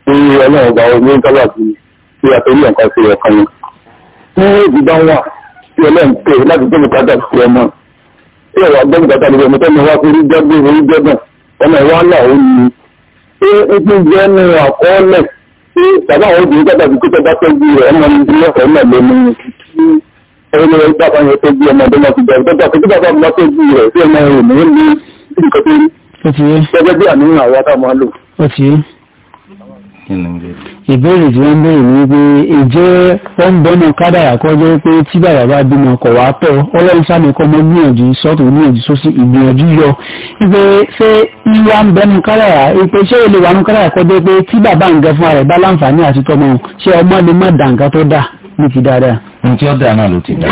ní ọlọ́ọ̀gá omi gábà sí tí a ọ̀kan sí ọ̀kan yẹn. ní èdè bá wà tí ọlọ́run láti tó bùkátà sí ọmọ tí ọ̀wà gbọ́ bùkátà lórí ọmọ tó wá sí orí gbẹ́gbẹ́ orí gbẹ́gbẹ́ ọmọ ìwà ńlá òun ni pé jẹ́ ní àkọọ́lẹ̀ pé àwọn obìnrin gbàgbà tó tó bá tọ́jú ọmọ ní ilé náà ló ní kí ẹni ẹni bàbá yẹn tọ́jú ọmọ ọdún náà bẹ̀rẹ̀ tọ́jú àkókò bàbá bá tọ́jú rẹ̀ sí ọmọ rẹ̀ ní ní ìdíkọ̀tẹ́rì. gẹ́gẹ́ bí àníyàn àwọn àtàwọn lò ìbéèrè tí wọ́n béèrè ní pé ìjẹ́ wọ́n bọ́nà kádàrà kọ́ jẹ́ pé tí bàbá bá bímọ kọ̀ wá tọ̀ ọlọ́run sáàmì kọ́ mọ́ gbìyànjú sọ́tò gbìyànjú sósì ìgbìyànjú yọ wípé ṣé ìwà ń bẹnu kádàrà wípé ṣé ìlú wa ń kádàrà kọ́ jẹ́ pé tí bàbá ń gẹ fún ara ẹ̀ bá láǹfààní àti tọmọ ṣé ọmọ lè má dà nǹkan tó dáa ló ti dáadáa. ntí ọ̀dà náà ló ti dá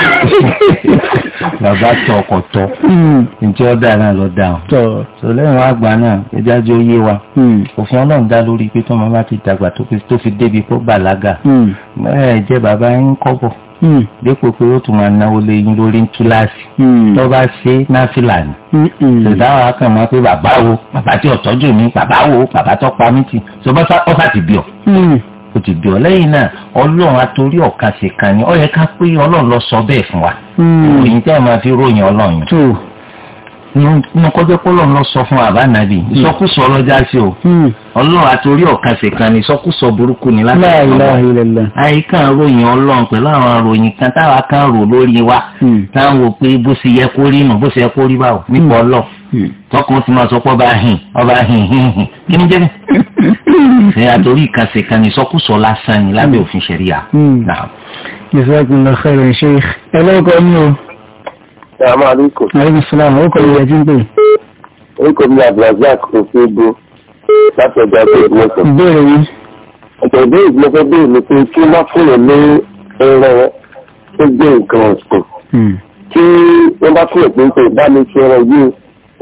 bàbá tọ ọkọ̀ tọ hmm. ntí ọ̀dà náà ló dá o. tó lẹ́yìn àgbà náà ìdájọ́ yé wa hmm. òfin ọlọ́run dá lórí pé tó máa bá ti dàgbà tó fi débi kó bàlágà hmm. ẹ jẹ́ bàbá yín kọ́bọ̀ dípò pé ó tún máa náwó léyìn lórí kíláàsì tó bá ṣe náfìlà ni ṣèdáwà kan máa pé bàbá wo bàbá tí ò tọ́jú mi bàbá wo bàbá tó pa mí tì ṣùgbọ́n bá ọ kò ti bí ọ lẹ́yìn náà ọlọ́run àtòrí ọ̀ka ṣe kan ni ó yẹ ká pé ọlọ́run lọ sọ bẹ́ẹ̀ fún wa. Hmm. ìròyìn tẹ́ ẹ máa fi ròyìn ọlọ́run nínú kọjá pọlọ ń lọ sọ fún bàbá nàbì hmm. ìsọkúsọ ọlọjà sí o hmm. Ọlọ́run àtòrí ọkàn ṣèkan ní ìsọkúsọ burúkú ni láti ọlọ àyíká ròyìn Ọlọ́run pẹ̀lú àwọn àròyìn kan táwa kan rò lórí wa hmm. táwọn wò pé bó ṣe yẹ kó rí nù bó ṣe yẹ kó rí báwò nípa ọlọ tọkùnrin ti máa sọ pé ọba hìn ọba hìn hìn hìn kí ni jẹ́ ṣe àtòrí ìkànṣèkan ní ìsọkúsọ lásán ni lábẹ́ òfin ṣẹ̀ríà. ìsọkúsọ Sàmú àríkò. Àríkò sàlámù, orúkọ ìyá jí ń pè. Orúkọ mi Abdulrasaq kò fi gbó láti ọjà tó ìlú ọ̀sán. Béèrè yìí. Ọ̀pọ̀ ìbéèrè tí mo fẹ́ béèrè ni pé kí wọ́n fún yẹn ní ẹran tó gbé nǹkan ọ̀sìn. Hmm. Kí wọ́n bá fún ìpín pé bá mi ṣe ẹran yìí.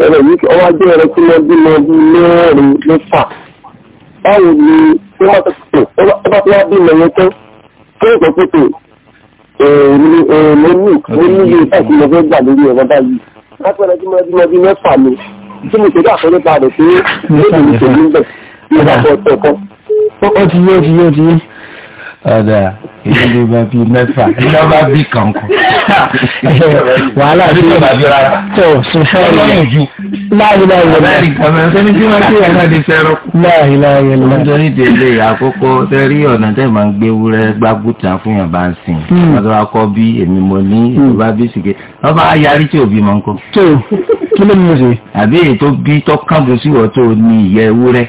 Ẹran yìí kí ọwọ́ jẹ́ ẹran tí wọ́n bí mọ bí mẹ́rin mẹ́fà. Báwo ni wọ́n bá mo ní ìlú ìfẹ́sí mo fẹ́ gbà lórí ẹ̀rọ báyìí lápẹ̀rẹ̀ tí mo bímọ bí mẹ́fà mi tí mo tẹ̀lé àkọlé pa rẹ̀ pé lóde mi tẹ̀lé bẹ̀ nígbà tó ọ̀tọ̀ kan. ó ti yé ó ti yé ó ti yé ọ̀dà ìdílé bá bí mẹ́fà ìdílé bá bí kankan. wàhálà bí yóò bá bí rárá. tó sùnfẹ́rẹ́ yẹn ju. láàyèlá yẹn lọ. sẹ́ni tí wọ́n ti ẹ̀ka di sẹ́rọ. láàyèlá yẹn lọ. ọjọ́ ní délé àkókò sẹ́rí ọ̀nà tẹ́ máa ń gbé wúrẹ́ gbágùtà fún yàn bá ń sìn. ọjọ́ akọ bí èmi mo ní ìjọba bí sìkè. wọ́n bá yarí tí òbí máa ń kọ́. tó kí ló ń mú sí. àbí èyí tó bí tọ́kàbọ̀ sí wọ́n tó ní ìyẹ́ wúrẹ́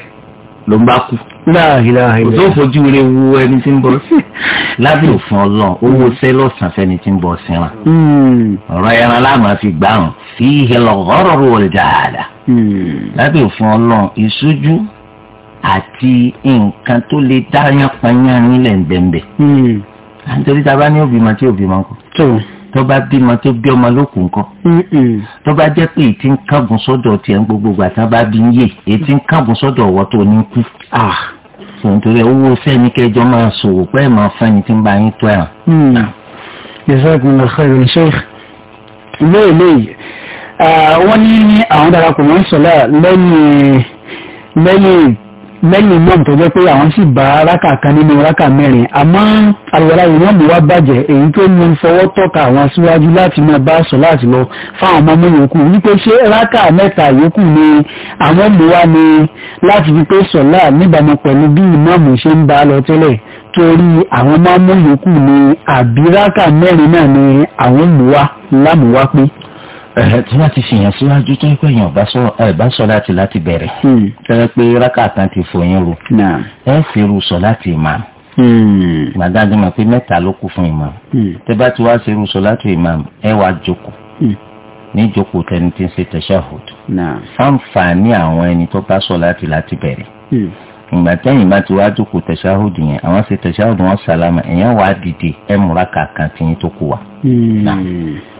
ló ń bá kú kò tó fojú rẹ wo ẹni tí ń bọ sí lábẹ́ òfin ọlọ́run owó sẹ́lọ̀sán fẹ́ni tí ń bọ síra hmm. ọ̀rọ̀ ẹran láàmú fi gbárùn fi ìhẹlọ ọ̀rọ̀ rò wọlé dáadáa hmm. lábẹ́ òfin ọlọ́run ìṣojú àti nǹkan tó lè dá yánpanyán nílẹ̀ ńbẹ̀ńbẹ̀ nítorí hmm. tá a bá ní òbí ma tí òbí ma kọ́ tó bá bímọ tó bí ọmọ lókun kọ tó bá jẹ́ pé ètí ń kángun sọ́dọ̀ tiẹ̀ ń gbogbo àtàbá ń yè ètí ń kángun sọ́dọ̀ ọwọ́ tó ní kú. Ah sòǹtòrí owó sẹ́ni kẹjọ máa ṣòwò pé ẹ̀ máa fẹ́ni tí ń bá yín tó ẹ̀. Hmm. jazakumullahu khairan sheikh bẹ́ẹ̀ lẹ́yìn ah, wọ́n ní àwọn darapọ̀ mọ́ sọ́lá lẹ́yìn lẹ́yìn lẹ́yìn imam tó jẹ́ pé àwọn sì bá rákà kan nínú rákà mẹ́rin àmọ́ àlùwàlá imam wa bàjẹ́ èyí tó mú fọwọ́ tọ́ka àwọn aṣíwájú láti máa bá sọ láti lọ fáwọn ọmọ mẹ́rin yòókù wípé ṣé rákà mẹ́ta yòókù ni àwọn mú wá ni láti fi pé sọ̀lá níbàámu pẹ̀lú bí imam ṣe ń bá lọ tẹ́lẹ̀ torí àwọn máa mú yòókù ni àbí rákà mẹ́rin náà ni àwọn mú lámùwá pé Eh, tí wọ́n ti fìyàn síwájú tó ń pè yàn bá sọ eh, láti láti bẹ̀rẹ̀ hmm. tẹ́lẹ̀ pé rákàtà ti fòyín ro ẹ fi ru sọ láti hmm. ìmáàmù gbàdájú mọ̀ pé mẹ́ta ló kù fún ìmáàmù hmm. tẹ́ bá ti wá ṣe ru sọ láti ìmáàmù ẹ wá jókòó ní ìjókòó tẹni tí ń ṣe tashahhud fáǹfààní àwọn ẹni tó bá sọ láti láti bẹ̀rẹ̀ ìgbà tẹ́yìn bá ti wá jókòó tashahhud yẹn àwọn ṣe tashahhud wọn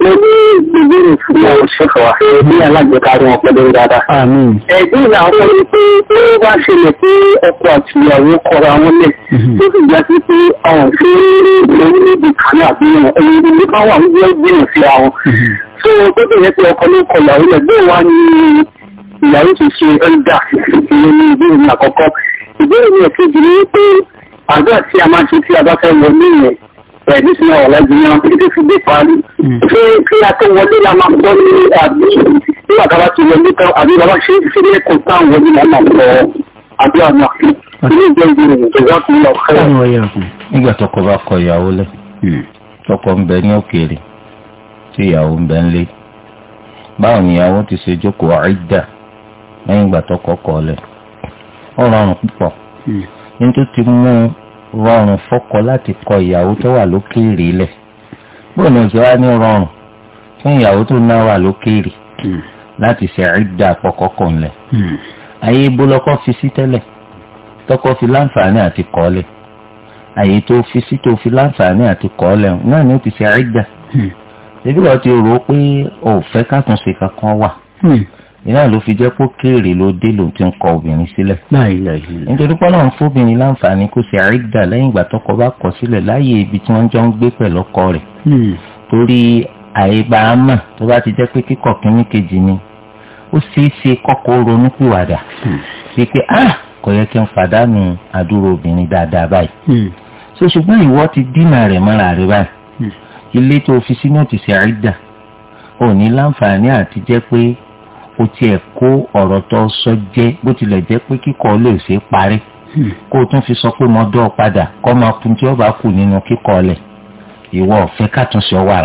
mo gbogbo ìfúnná òṣèkọ̀ àfẹ́ bí alágbèkárí wọn pẹ̀lú dáadáa. ẹ̀gbọ́n ìlà ọkọ ni pé ṣẹlẹ̀ pé ọkọ àti ìyàwó kọra wọn lẹ̀. tó mhm. sì já sí pé àwọn tí ó rí ìlú níbi kan àti ẹni níbi kan wà níbi ẹgbẹ̀rún sí àwọn. tó mhm. o tó bẹ̀rẹ̀ pé ọkọ ló kọ ìyàwó rẹ̀ bẹ́ẹ̀ wá ní ìyàwó ti ṣe ẹ̀dà ìṣèkìlẹ̀ ní ìbéèrè àkọ́kọ́ pẹ̀lú sí ọ̀rọ̀ ìgbìyàn títí fi dé parí ṣé kí a tó wọlé la máa gbọ́ ní àbí nígbà tá a bá ti wọlé tán àbí bàbá ṣé ṣé ní ẹ̀kọ́ tá àwọn wọlé la máa lọ àbí àwọn àfi ní ìjọ ìgbìyàn tó wá sí lọ fẹ́. nígbà tọkọ bá kọ ìyàwó lẹ tọkọ ń bẹ ní òkèèrè tí ìyàwó ń bẹ ń lé báwo ni ìyàwó ti ṣe jókòó àìdá lẹ́yìn ìgbà tọkọ kọ lẹ ọ̀rọ̀ ọ̀rùn púpọ̀ rọrùn fọ́kọ láti kọ ìyàwó tó wà lókèèrè lẹ̀ bó ni òjò wá ní rọrùn fún ìyàwó tó náà wà lókèèrè hmm. láti ṣe àìdá àpọ̀kọ́ kàn lẹ̀ hmm. ayé bólọ́kọ́ fi sí tẹ́lẹ̀ tọkọ fi láǹfààní àti kọ́ lẹ̀ àyè tó fi sí tó fi láǹfààní àti kọ́ lẹ̀ náà ni ó ti ṣe àìdá hmm. ṣébí wọ́n ti rò ó pé òfẹ́ kàtúnṣe kankan wà iná ló fi jẹ́ pó kéèrè ló dé ló ti ń kọ obìnrin sílẹ̀. nítorí pé ọlọ́run fóbìnrin láǹfààní kó ṣe àrídà lẹ́yìn ìgbà tọkọ bá kọ sílẹ̀ láàyè ibi tí wọ́n jọ ń gbé pẹ̀lú ọkọ rẹ̀. torí àìbá mà tó bá ti jẹ́ pé kíkọ̀ kínní kejì ni ó ṣeé ṣe kọ́kọ́ ronú pìwàdà bíi pé ah kò yẹ kí n fàdánù àdúrà obìnrin dáadáa báyìí. so ṣùgbọ́n ìwọ ti dínà rẹ̀ mọ́ra rẹ̀ báyìí ilé tó fi sínú ti ṣe àrídà ò ní láǹfààní àti jẹ́ pé o tiẹ̀ kó ọ̀rọ̀ tó sọ jẹ́ bó tilẹ̀ jẹ́ pé kíkọ́ lè ṣe parí hmm. o tún fi sọ pé mo dọ́ ọ padà kọ́ máa kun tí ó kù nínú kíkọ́ lẹ̀ ìwọ ọ̀fẹ́ kàtúnṣe ọwọ́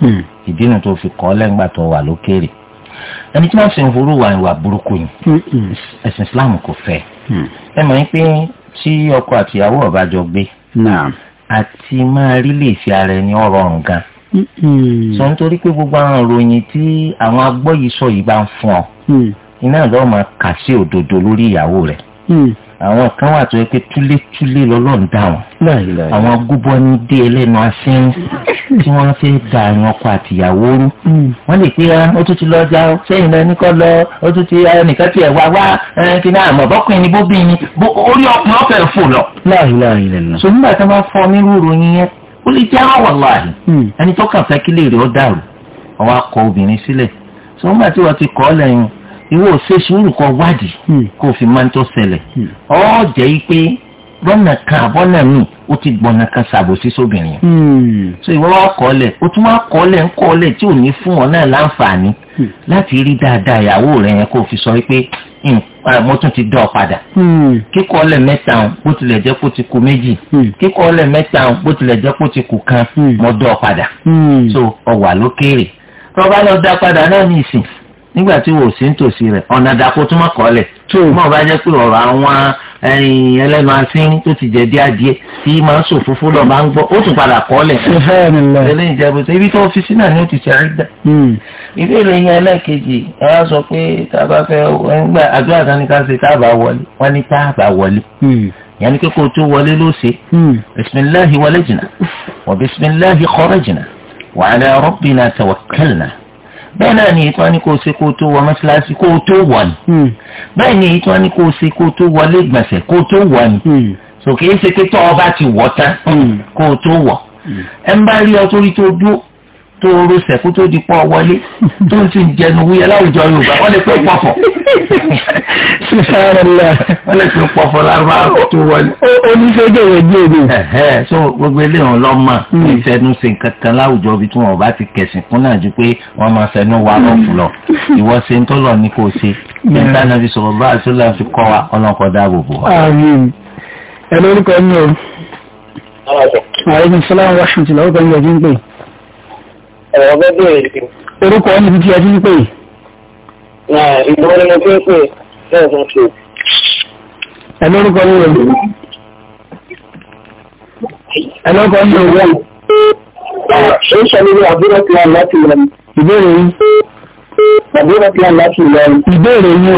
hmm. tó fi kọ́ lẹ́ngbà tó wà lókèrè ẹni tí wọ́n fi ń forú wa ìwà burúkú hmm. ẹ̀sìn Islam kò ọkọ àtìyàwó ọ̀bájọ gbé àti máa rí lè fi ara ẹni ọ̀rọ̀ Mm-hmm. sọ nítorí pé gbogbo àwọn ìròyìn tí àwọn agbọ́ yìí sọ yìí bá ń fún ọ mm-hmm. iná lọ́ọ́ máa kà sí òdodo lórí ìyàwó rẹ̀ mm-hmm. àwọn kan wà tó yẹ pé túlétúlé lọ́lọ́run dá wọn àwọn gúbọ́ ní dé ẹlẹ́nu asẹ́yìn tí wọ́n fẹ́ da àwọn ọkọ àtìyàwó rú wọ́n lè pé ah, ó tún ti lọ já ó sẹ́yìn lọ nìkan lọ ó tún ti ah, nìkan tiẹ̀ wá wá eh, kí náà mọ̀ bọ́kùnrin ni bóbìnrin ni orí ọkùnrin ọ̀fẹ́ fò lọ. sọ nígbà tí wọ́n fọ onírúurú yín yẹn ó lè jẹ́ àwọn wàláhì hmm. ẹni tó kàn fẹ́ kí lè rí ọ dàrú ọwọ́ akọ obìnrin sílẹ̀ sọ wọn àti wọn ti kọ́ lẹ́yìn ìwọ ṣe sùúrù kọ wádìí hmm. kó fi máa ń tó ṣẹlẹ̀ ọ hmm. jẹ́ yí pé lọ́nà kan àbọ́nà míì ó ti gbọ̀nà kan ṣàbòsí sóbìnrin yẹn so ìwọ wa kọ́ lẹ̀ ó tún wá kọ́ lẹ̀ ń kọ́ lẹ̀ tí ò ní fún ọ náà láǹfààní láti rí dáadáa ìyàwó rẹ yẹn kó fi sọ pé mo tún ti dán padà. Hmm. kíkọ́ ọlẹ̀ mẹ́ta bó tilẹ̀ jẹ́ kó ti kù méjì hmm. kíkọ́ ọlẹ̀ mẹ́ta bó tilẹ̀ jẹ́ kó ti kù kan hmm. mo dán padà. so ọwà lókèrè tọ́ba lọ dá padà náà ní ìsìn nígbà tí wò ó sí nítòsí rẹ̀ ọ̀nà àdàpọ̀ tó má kọ́ tó o mọ̀ bá jẹ́ pé ọ̀rọ̀ àwọn ẹyin ẹlẹ́nu asín tó ti jẹ̀bi adìẹ tí máa ń ṣòfófó lọ máa ń gbọ́ ó tún padà kọ́lẹ̀. ẹlẹ́yìn ìjẹ́bù tó ibi tó fi sí náà ni ó ti ṣe àrídà. Hmm. ìbéèrè yẹn ẹlẹ́ẹ̀kejì ẹ wá sọ pé tá a bá fẹ́ ẹgbẹ́ àdúrà kan ní ká ṣe tá a wọlé wọ́n ní tá wọlé. Hmm. yẹn ni kíkó tó wọlé ló ṣe hmm. bisimilahi wọlé jìnnà wọ bisimilahi kọ́rẹ́ jìnnà wa ala rabbina tawakkalna bẹ́ẹ̀ náà ni ìtàn ni kò ṣe kó tó wọ mọ́ṣáláṣí kó tó wọ̀ ni hmm. bẹ́ẹ̀ ni ìtàn ni kò ṣe kó tó wọlé gbọ̀nsẹ̀ kó tó wọ̀ ni hmm. sòkè é ṣe pé tọ́ ọba ti wọ̀ tán hmm. kó tó wọ̀ ẹ ń bá rí ọ torí tó dúró tó rọṣẹ̀ kó tó di pọ̀ wọlé tó ń ti jẹnu wúyẹ láwùjọ Yorùbá wọ́n lè pé pọ̀fọ̀ Sùsàrànlá. Wọ́n lè tún pọ̀ fún Lárúbá tó wọlé. Oníṣẹ́jọ́ rẹ̀ gbé mi. So gbogbo eléyàn lọ mọ̀ ní hmm. ìṣẹ́nu ṣe nǹkan kan láwùjọ bí tí wọ́n bá ti kẹ̀sìn fún náà ju pé wọ́n máa ṣẹnu wa lọ́fù hmm. lọ. Ìwọ ṣe ń tọ́lọ̀ ní kò ṣe. Hmm. Nígbà náà fi sọ̀rọ̀ bá àṣọlá fi kọ́ wa ọlọ́kọ̀ dáàbò bò. Ẹ lórúkọ mi o. Àyẹ̀kùn Sọlá Washington lọ́wọ́ pẹ̀lú ẹ̀jẹ̀ ń pè. é ọgbẹ́ bẹ̀rẹ̀ ìgbọ́ ni mo fi ń pè ní ọ̀sán tó. ẹ lórúkọ ní òwe ẹ lórúkọ ní òwe ṣé ṣàlùwẹ̀ àbúrò tí wọn láti lọ ìbéèrè yìí àbúrò tí wọn láti lọ ìbéèrè yìí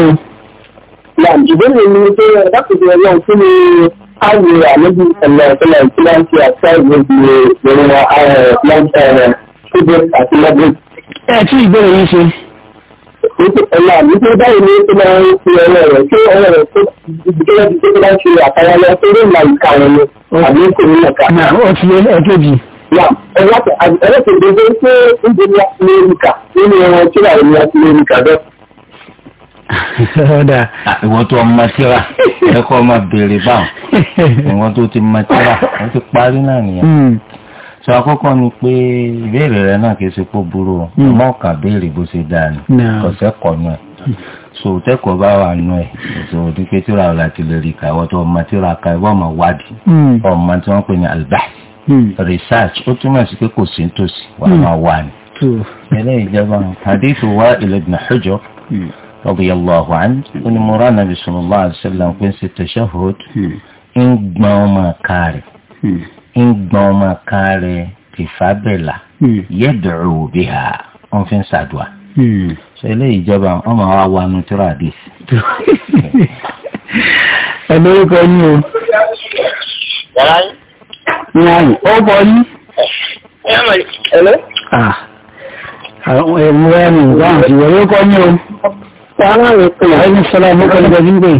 o. ìbéèrè mi ni pé lákòókò ọlọ́run kí ni àwọ̀ àlejò ìṣẹ̀lẹ̀ ìṣẹ̀lẹ̀ ìṣẹ̀lẹ̀ ti àṣà ìgbésí ìrìnà àwọn ọ̀pọ̀lọpọ̀ ṣùgbọ́n àti lọ́gbẹ̀ẹ́. ẹ tí ìbéèrè yìí ṣe ọ̀la mi tó báyìí ni ó máa ń fi ọ̀rọ̀ rẹ̀ ṣé ọ̀rọ̀ rẹ̀ tó gẹ́gẹ́ bí tó bá ń ṣe àtàwọn ọmọ tó lè máa ìka wọn ni àbí kò ní ẹ̀ka. ó ti yẹ ẹ̀kejì. ẹlẹ́sìn gbogbo pé níbi ni a ti lè rí kà nínú ẹran tí wàá ní a ti lè rí kà bẹ́ẹ̀. Sọ́dà. Ìwọ́n tó ọmọ tíra ẹ̀kọ́ ọmọ béèrè báwọn. Ìwọ́n tó ti mọ tíra wọ́n ti parí náà nìyẹn. Hmm sọ àkọ́kọ́ ni pé ìbéèrè rẹ náà kì í ṣe kó burú o ọmọ hmm. ọ̀kà béèrè bó ṣe dáa ni kọ̀ṣẹ́ kọ̀ náà so tẹ́kọ̀ọ́ bá wà nù ẹ̀ ètò òdìpé tíra ọ̀la ti lè rí kàwọ́ tó ọmọ tíra ka ẹ̀wọ́ ọmọ wádìí hmm. ọmọ tí wọ́n pè ní albah hmm. research ó túmọ̀ sí pé kò sí nítòsí wà máa wà ní. eléyìí jẹba hadith Wa'il ibn Hujr radiyallahu anhu ó ní mo rán nàbì sallallahu alaihi wasallam pé ń ṣe tashahhud ń gbọ́n ń gbọ́n ọmọ kan rẹ̀ tìfábẹ́là hmm. yẹ́dọ̀rọ̀ òbí ha wọ́n fi ń ṣàdùà. Hmm. sọ eléyìí ìjọba ọmọ wa wà nù tíra àdìs. ẹ lórúkọ yín o. yàrá yín. Ah. yàrá yín ó bọ yín. Hello. Ah. Àwọn ẹ̀mú ẹ̀mú wà ní ìwọ̀n kọ́ ní o. Wọ́n rẹ̀ pé ẹni sọ́lá mọ́kọ̀ ní ọdún gbé.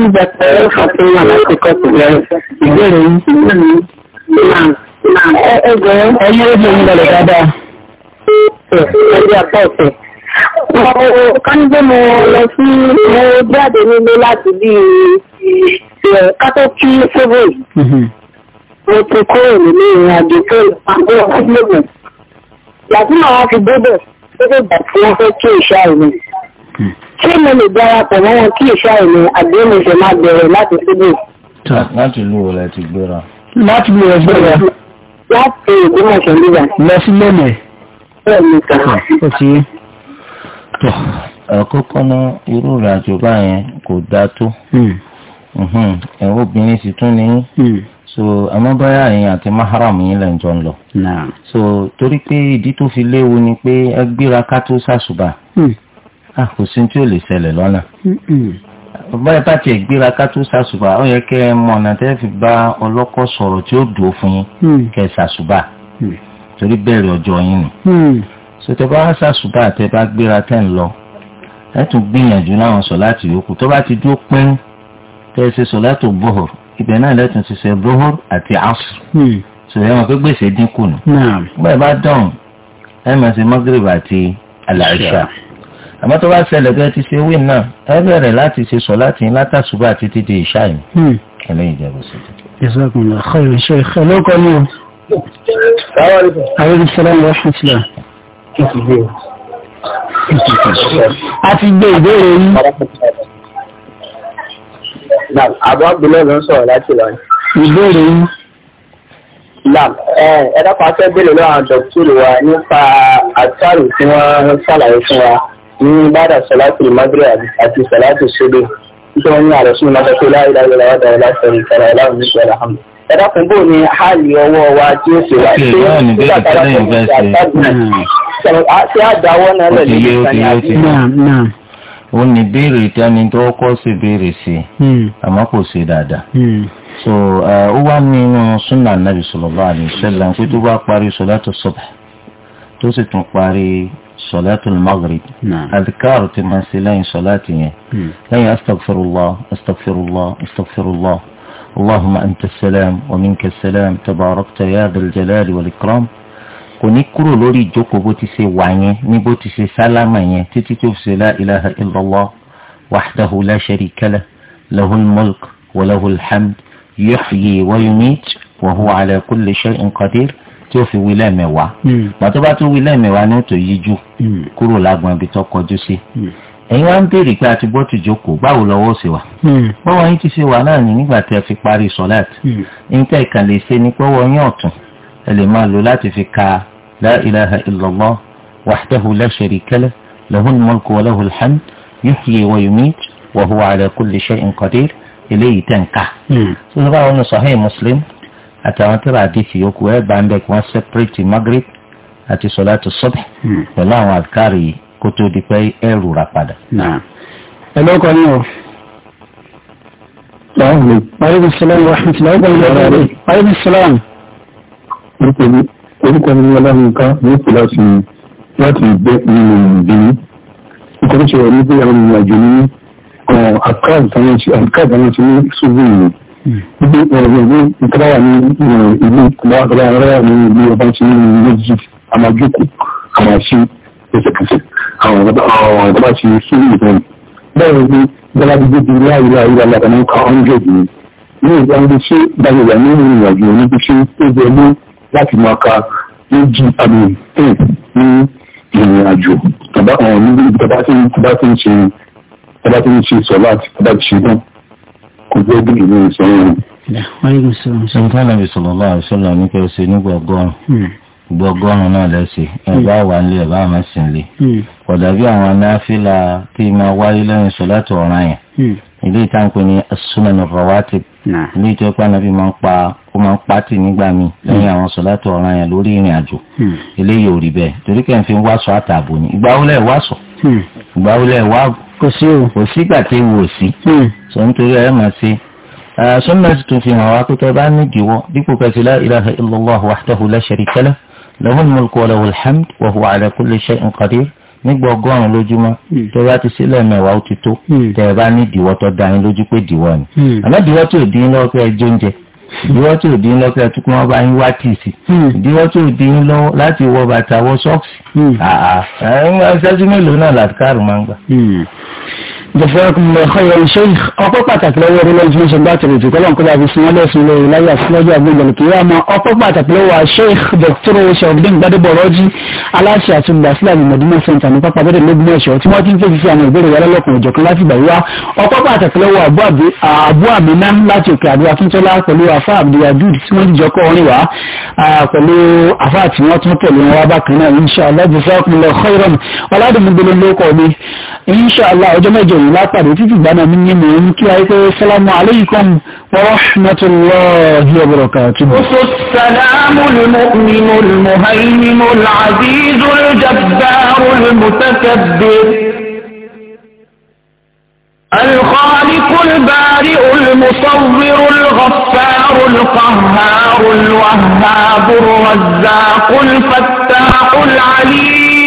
Nígbà pẹ̀lú fàtíwà láti kọ́ pẹ̀lú ìgbẹ̀rẹ̀ yìí. Ẹyẹ ojú ń bẹ̀rẹ̀ dáadáa. Ẹgbẹ́ apá ọ̀fẹ́. Kánígbé mo lọ sí mo jáde nílé láti bí kátó kí sóbò yìí. Mhm. Mo ti kúrò nílé ìrìn àjò tó àgbọ̀ ọ̀fẹ́lẹ̀mọ̀. Yàtí màá wá fi débẹ̀ tó gbà tí wọ́n fẹ́ kí ìṣá ìlú. Hmm. Ṣé mo lè darapọ̀ mọ́ wọn kí ìṣá ìlú àgbẹ̀ mo ṣe máa bẹ̀rẹ̀ láti sóbò? Láti lù wọlé ti gbéra láti bí ẹgbẹ́ rẹ̀. láti ìgbìmọ̀ṣẹ̀ nígbà. lọ sí lẹ́nà ẹ̀. àkọ́kọ́ ná irú ìrìnàjò báyẹn kò dáa tó hmm. ẹ̀wọ́ obìnrin sì tún ní hmm. so àmọ́ báyà yẹn àti maharam yẹn lẹ́ ń jọ ń lọ. so torí pé ìdí tó fi léwu ni pé ẹgbẹ́ra ká tó sàṣùbà hmm. ah, kò sí tí ò lè ṣẹlẹ̀ lọ́nà bá yẹ káàtì ẹgbẹ́ra ká tó ṣàṣùbà ó yẹ kẹ́ ẹ mọ̀ ọ̀nà tẹ́ fi bá ọlọ́kọ̀ sọ̀rọ̀ tí ó dùn fún yín hmm. kẹ́ ẹ ṣàṣùbà hmm. torí bẹ̀rẹ̀ ọjọ́ yín nù. Hmm. sọtẹ́ bá wá ṣàṣùbà tẹ́ bá gbéra tẹ́ ń lọ ẹ tún gbìyànjú láwọn sọ láti yòókù tó bá ti dúró pín tẹ́ ẹ ṣe sọ láti bọ́hùr ibẹ̀ náà lẹ́tùn ti ṣe bọ́hùr àti asr sọtẹ́ wọn pé gbèsè dínkù nù. bẹ́ẹ̀ bá dán ẹ àmọ́ tó bá ṣẹlẹ̀ bẹ́ẹ̀ ti ṣe wí náà ẹ bẹ̀rẹ̀ láti ṣe sọ láti yín látàṣùbà títí ìṣá yìí. ẹlẹ́yin ìjẹ́bù sí i. ìṣègùn àkọ́ ìṣe ìṣẹ́lẹ́kọ̀ọ́ ni o. àwọn ìṣẹ́lẹ̀ ń lọ fún ìṣẹ́lẹ̀ a ti gbé ìbéèrè yìí. àbọ̀ abúlé ló ń sọ̀rọ̀ láti lọ. ìbéèrè yìí. ẹ dápọ̀ afẹ́ bèèrè lọ́wọ́ dọ̀kítọ́rì wa nípa àtàrù tí wọ́n ṣàlàyé fún wa ní bàdà sọ̀láàtì magre àti sọ̀láàtì ṣẹ́gbẹ̀ tí wọ́n ní àrẹ̀sùn máa tó láìlá ìlà wà dáwọ́ láti ẹ̀rù ìtara ìlànà ní ìṣẹ̀lẹ̀ àmì. ẹ̀dá kan bò ní hàlì ọwọ́ wa tí ó sì wá sí nígbà tára fún ìṣẹ̀ àtàgbọ̀n tí a hmm. dáwọ́ náà lẹ̀ ní ìkànnì àbí. ó ní béèrè tí tó kọ́ sí béèrè sí hmm. àmọ́ kò sí dáadáa hmm. so ó wá nínú súnà nàbì sallallahu alaihi wasallam pé tó bá parí sọ̀látù subh tó sì tún صلاة المغرب نعم. أذكار تمثلين صلاتي لي أستغفر الله أستغفر الله أستغفر الله اللهم أنت السلام ومنك السلام تباركت يا ذا الجلال والإكرام كوني كرو لوري جوكو بوتي سي واني ني بوتي سي سلاما لا إله إلا الله وحده لا شريك له له الملك وله الحمد يحيي ويميت وهو على كل شيء قدير tí ó fi wí lẹ́ẹ̀mẹ̀wá hmm. gbàtọ́ bá tó wí lẹ́ẹ̀mẹ̀wá ni ó tó yíjú hmm. kúrò lágbọn ibi tó kọjú sí hmm. ẹ̀yin wá ń béèrè pé a ti bọ́ tìjókòó báwo lọ́wọ́ ṣe wà. bọ́wọ́ yín ti ṣe wà náà ní nígbà tí ẹ fi parí sọ́láàtì. níta ìkàn lè ṣe ni pọ́wọ́ yín ọ̀tún ẹ lè máa lò láti fi ka la ilaha illallah wahdahu àtàwọn tẹ́lẹ̀ àdìsí yòókù ẹ̀ bá ń bẹ̀ kí wọ́n sẹ́pẹ̀rẹ̀tì magrib àti sọ̀láàtù sọ́bẹ̀ hmm. pẹ̀lú àwọn àdìkárì yìí kó tó di pé ẹ̀rù rà padà. ẹ ló kọ́ ní o. aleykum salaam wa rahmatulah ọgbà ìlú ọ̀rọ̀ rẹ̀ aleykum salaam. orúkọ mi orúkọ mi ọlọ́run ká ní kò láti láti bẹ́ nínú ìbínú. ìkọ́ni ṣe wà ní pé àwọn ìrìnàjò ní àkáàbù táwọn ti ní ṣùgbọ́n ìlú gbogbo ọ̀rọ̀ ní ìkọ́láwà ní ìlú ìkọ́láwà ní ìlú ọba tí ó ní méjì àmàjókò àwọn àṣí ẹsẹ̀kẹsẹ̀ àwọn ọ̀dọ́bà tí ó sí ìtàn bẹ́ẹ̀ ni gbọ́dá gbogbo ti láàyè láàyè alága ní ọkà hundred ni ní ìgbà ń ṣe gbàgbà ní ìrìn àjò níbi tí ó bẹ mú láti máa ka méjì àmì ten ní ìrìn àjò tàbá àwọn níbi tàbá tí ń ṣe sọ láti tàbá ti ṣe náà kò jẹ́ bí ìlú ìsọ̀rọ̀. ṣùgbọ́n nàbì sọ̀rọ̀ àṣọlọ ní kẹ́ ẹ ṣe ní gbọ̀ngàn hmm. gbọ̀ngàn náà lẹ́sẹ̀ ẹ hmm. bá wà nílé ẹ bá àmà sí nílé hmm. kódà bí àwọn anáfíìlà tí máa wáyé lẹ́yìn sọ láti ọ̀ràn yẹn ilé ìtànkùn ni asúnmọ̀nà rọ̀wátì ilé ìjọba nàbì máa ń pa ó máa ń pàtì nígbà míì lẹ́yìn àwọn sọ̀láàtì ọ̀ràn yẹn lórí ìrìn àjò eléyìí ò rí bẹ́ẹ̀ torí kẹ́hìn fi kò sí o kò sígbà tí ewu ò sí hmm. sọ nítorí ẹ máa ṣe sunna tuntun fi hàn wá pé tẹ bá ní ìdíwọ́ dípò kẹsì la ilaha illallah wahdahu la sharika lahu lahul mulku wa lahul hamd wa huwa ala kulli shay'in qadir nígbà ọgọ́rùn lójúmọ́ hmm. tó bá ti sílẹ̀ mẹ́wàá ó ti tó hmm. tẹ̀ bá ní ìdíwọ́ tó dá lójú pé ìdíwọ́ ni àmọ́ ìdíwọ́ tó dín lọ́wọ́ pé ẹjọ́ oúnjẹ ìdíwọ́ tí o dín lọ́kẹ́ tó kí wọ́n bá yín wá tìsì hmm. ìdíwọ́ tí ò dín lọ́wọ́ láti wọ bàtà wọ sọ́ọ̀sì. ẹ̀ẹ́n ṣẹ́jú mélòó náà làkàrù máa ń gbà. Hmm. Jazakumullahu khairan Sheikh ọpẹ́ pàtàkì lọ́wọ́ orílẹ̀ èdè nation bá tẹ̀lé ìtìkọ́ lọ́nkọ́ láti sin wọ́n lẹ́sùn lórí láyé àfúlọ́jọ́ àgbẹ̀gbẹ̀lẹ̀ kí wọ́n mọ̀ ọpẹ́ pàtàkì lọ́wọ́ Sheikh Dr. Sharafdin Gbadebo Rọ́jí aláṣẹ àti olùdásílẹ̀ àmì Medina Center ní pápá bẹ́ẹ̀ lógún ẹ̀ṣọ́ tí wọ́n ti ń fèsì sí àwọn ìbéèrè yàrá lọ́kùnrin ìjọ̀kan láti gbà wá ọpẹ́ pàtàkì lọ́wọ́ Abu Amina láti òkè àdó Akíntọ́lá pẹ̀lú afa Abdulhadid tí wọ́n ti jọ kọ́ orin wá pẹ̀lú afa inṣàlá ọjọ́ mẹ́jọ yìí lápàdé títí ìgbàna mi ní mò ń kí ayé pé sálámù aláìkọ́m wa rahmatullahi wa barakatuhu. oṣù sàlámù lùmọ́kùnrin olùmọ̀háìmọ̀ làzízù jàbá olùmọ̀tẹ́kẹ̀bẹ̀. الخالق البارئ المصور الغفار القهار الوهاب الرزاق الفتاح العليم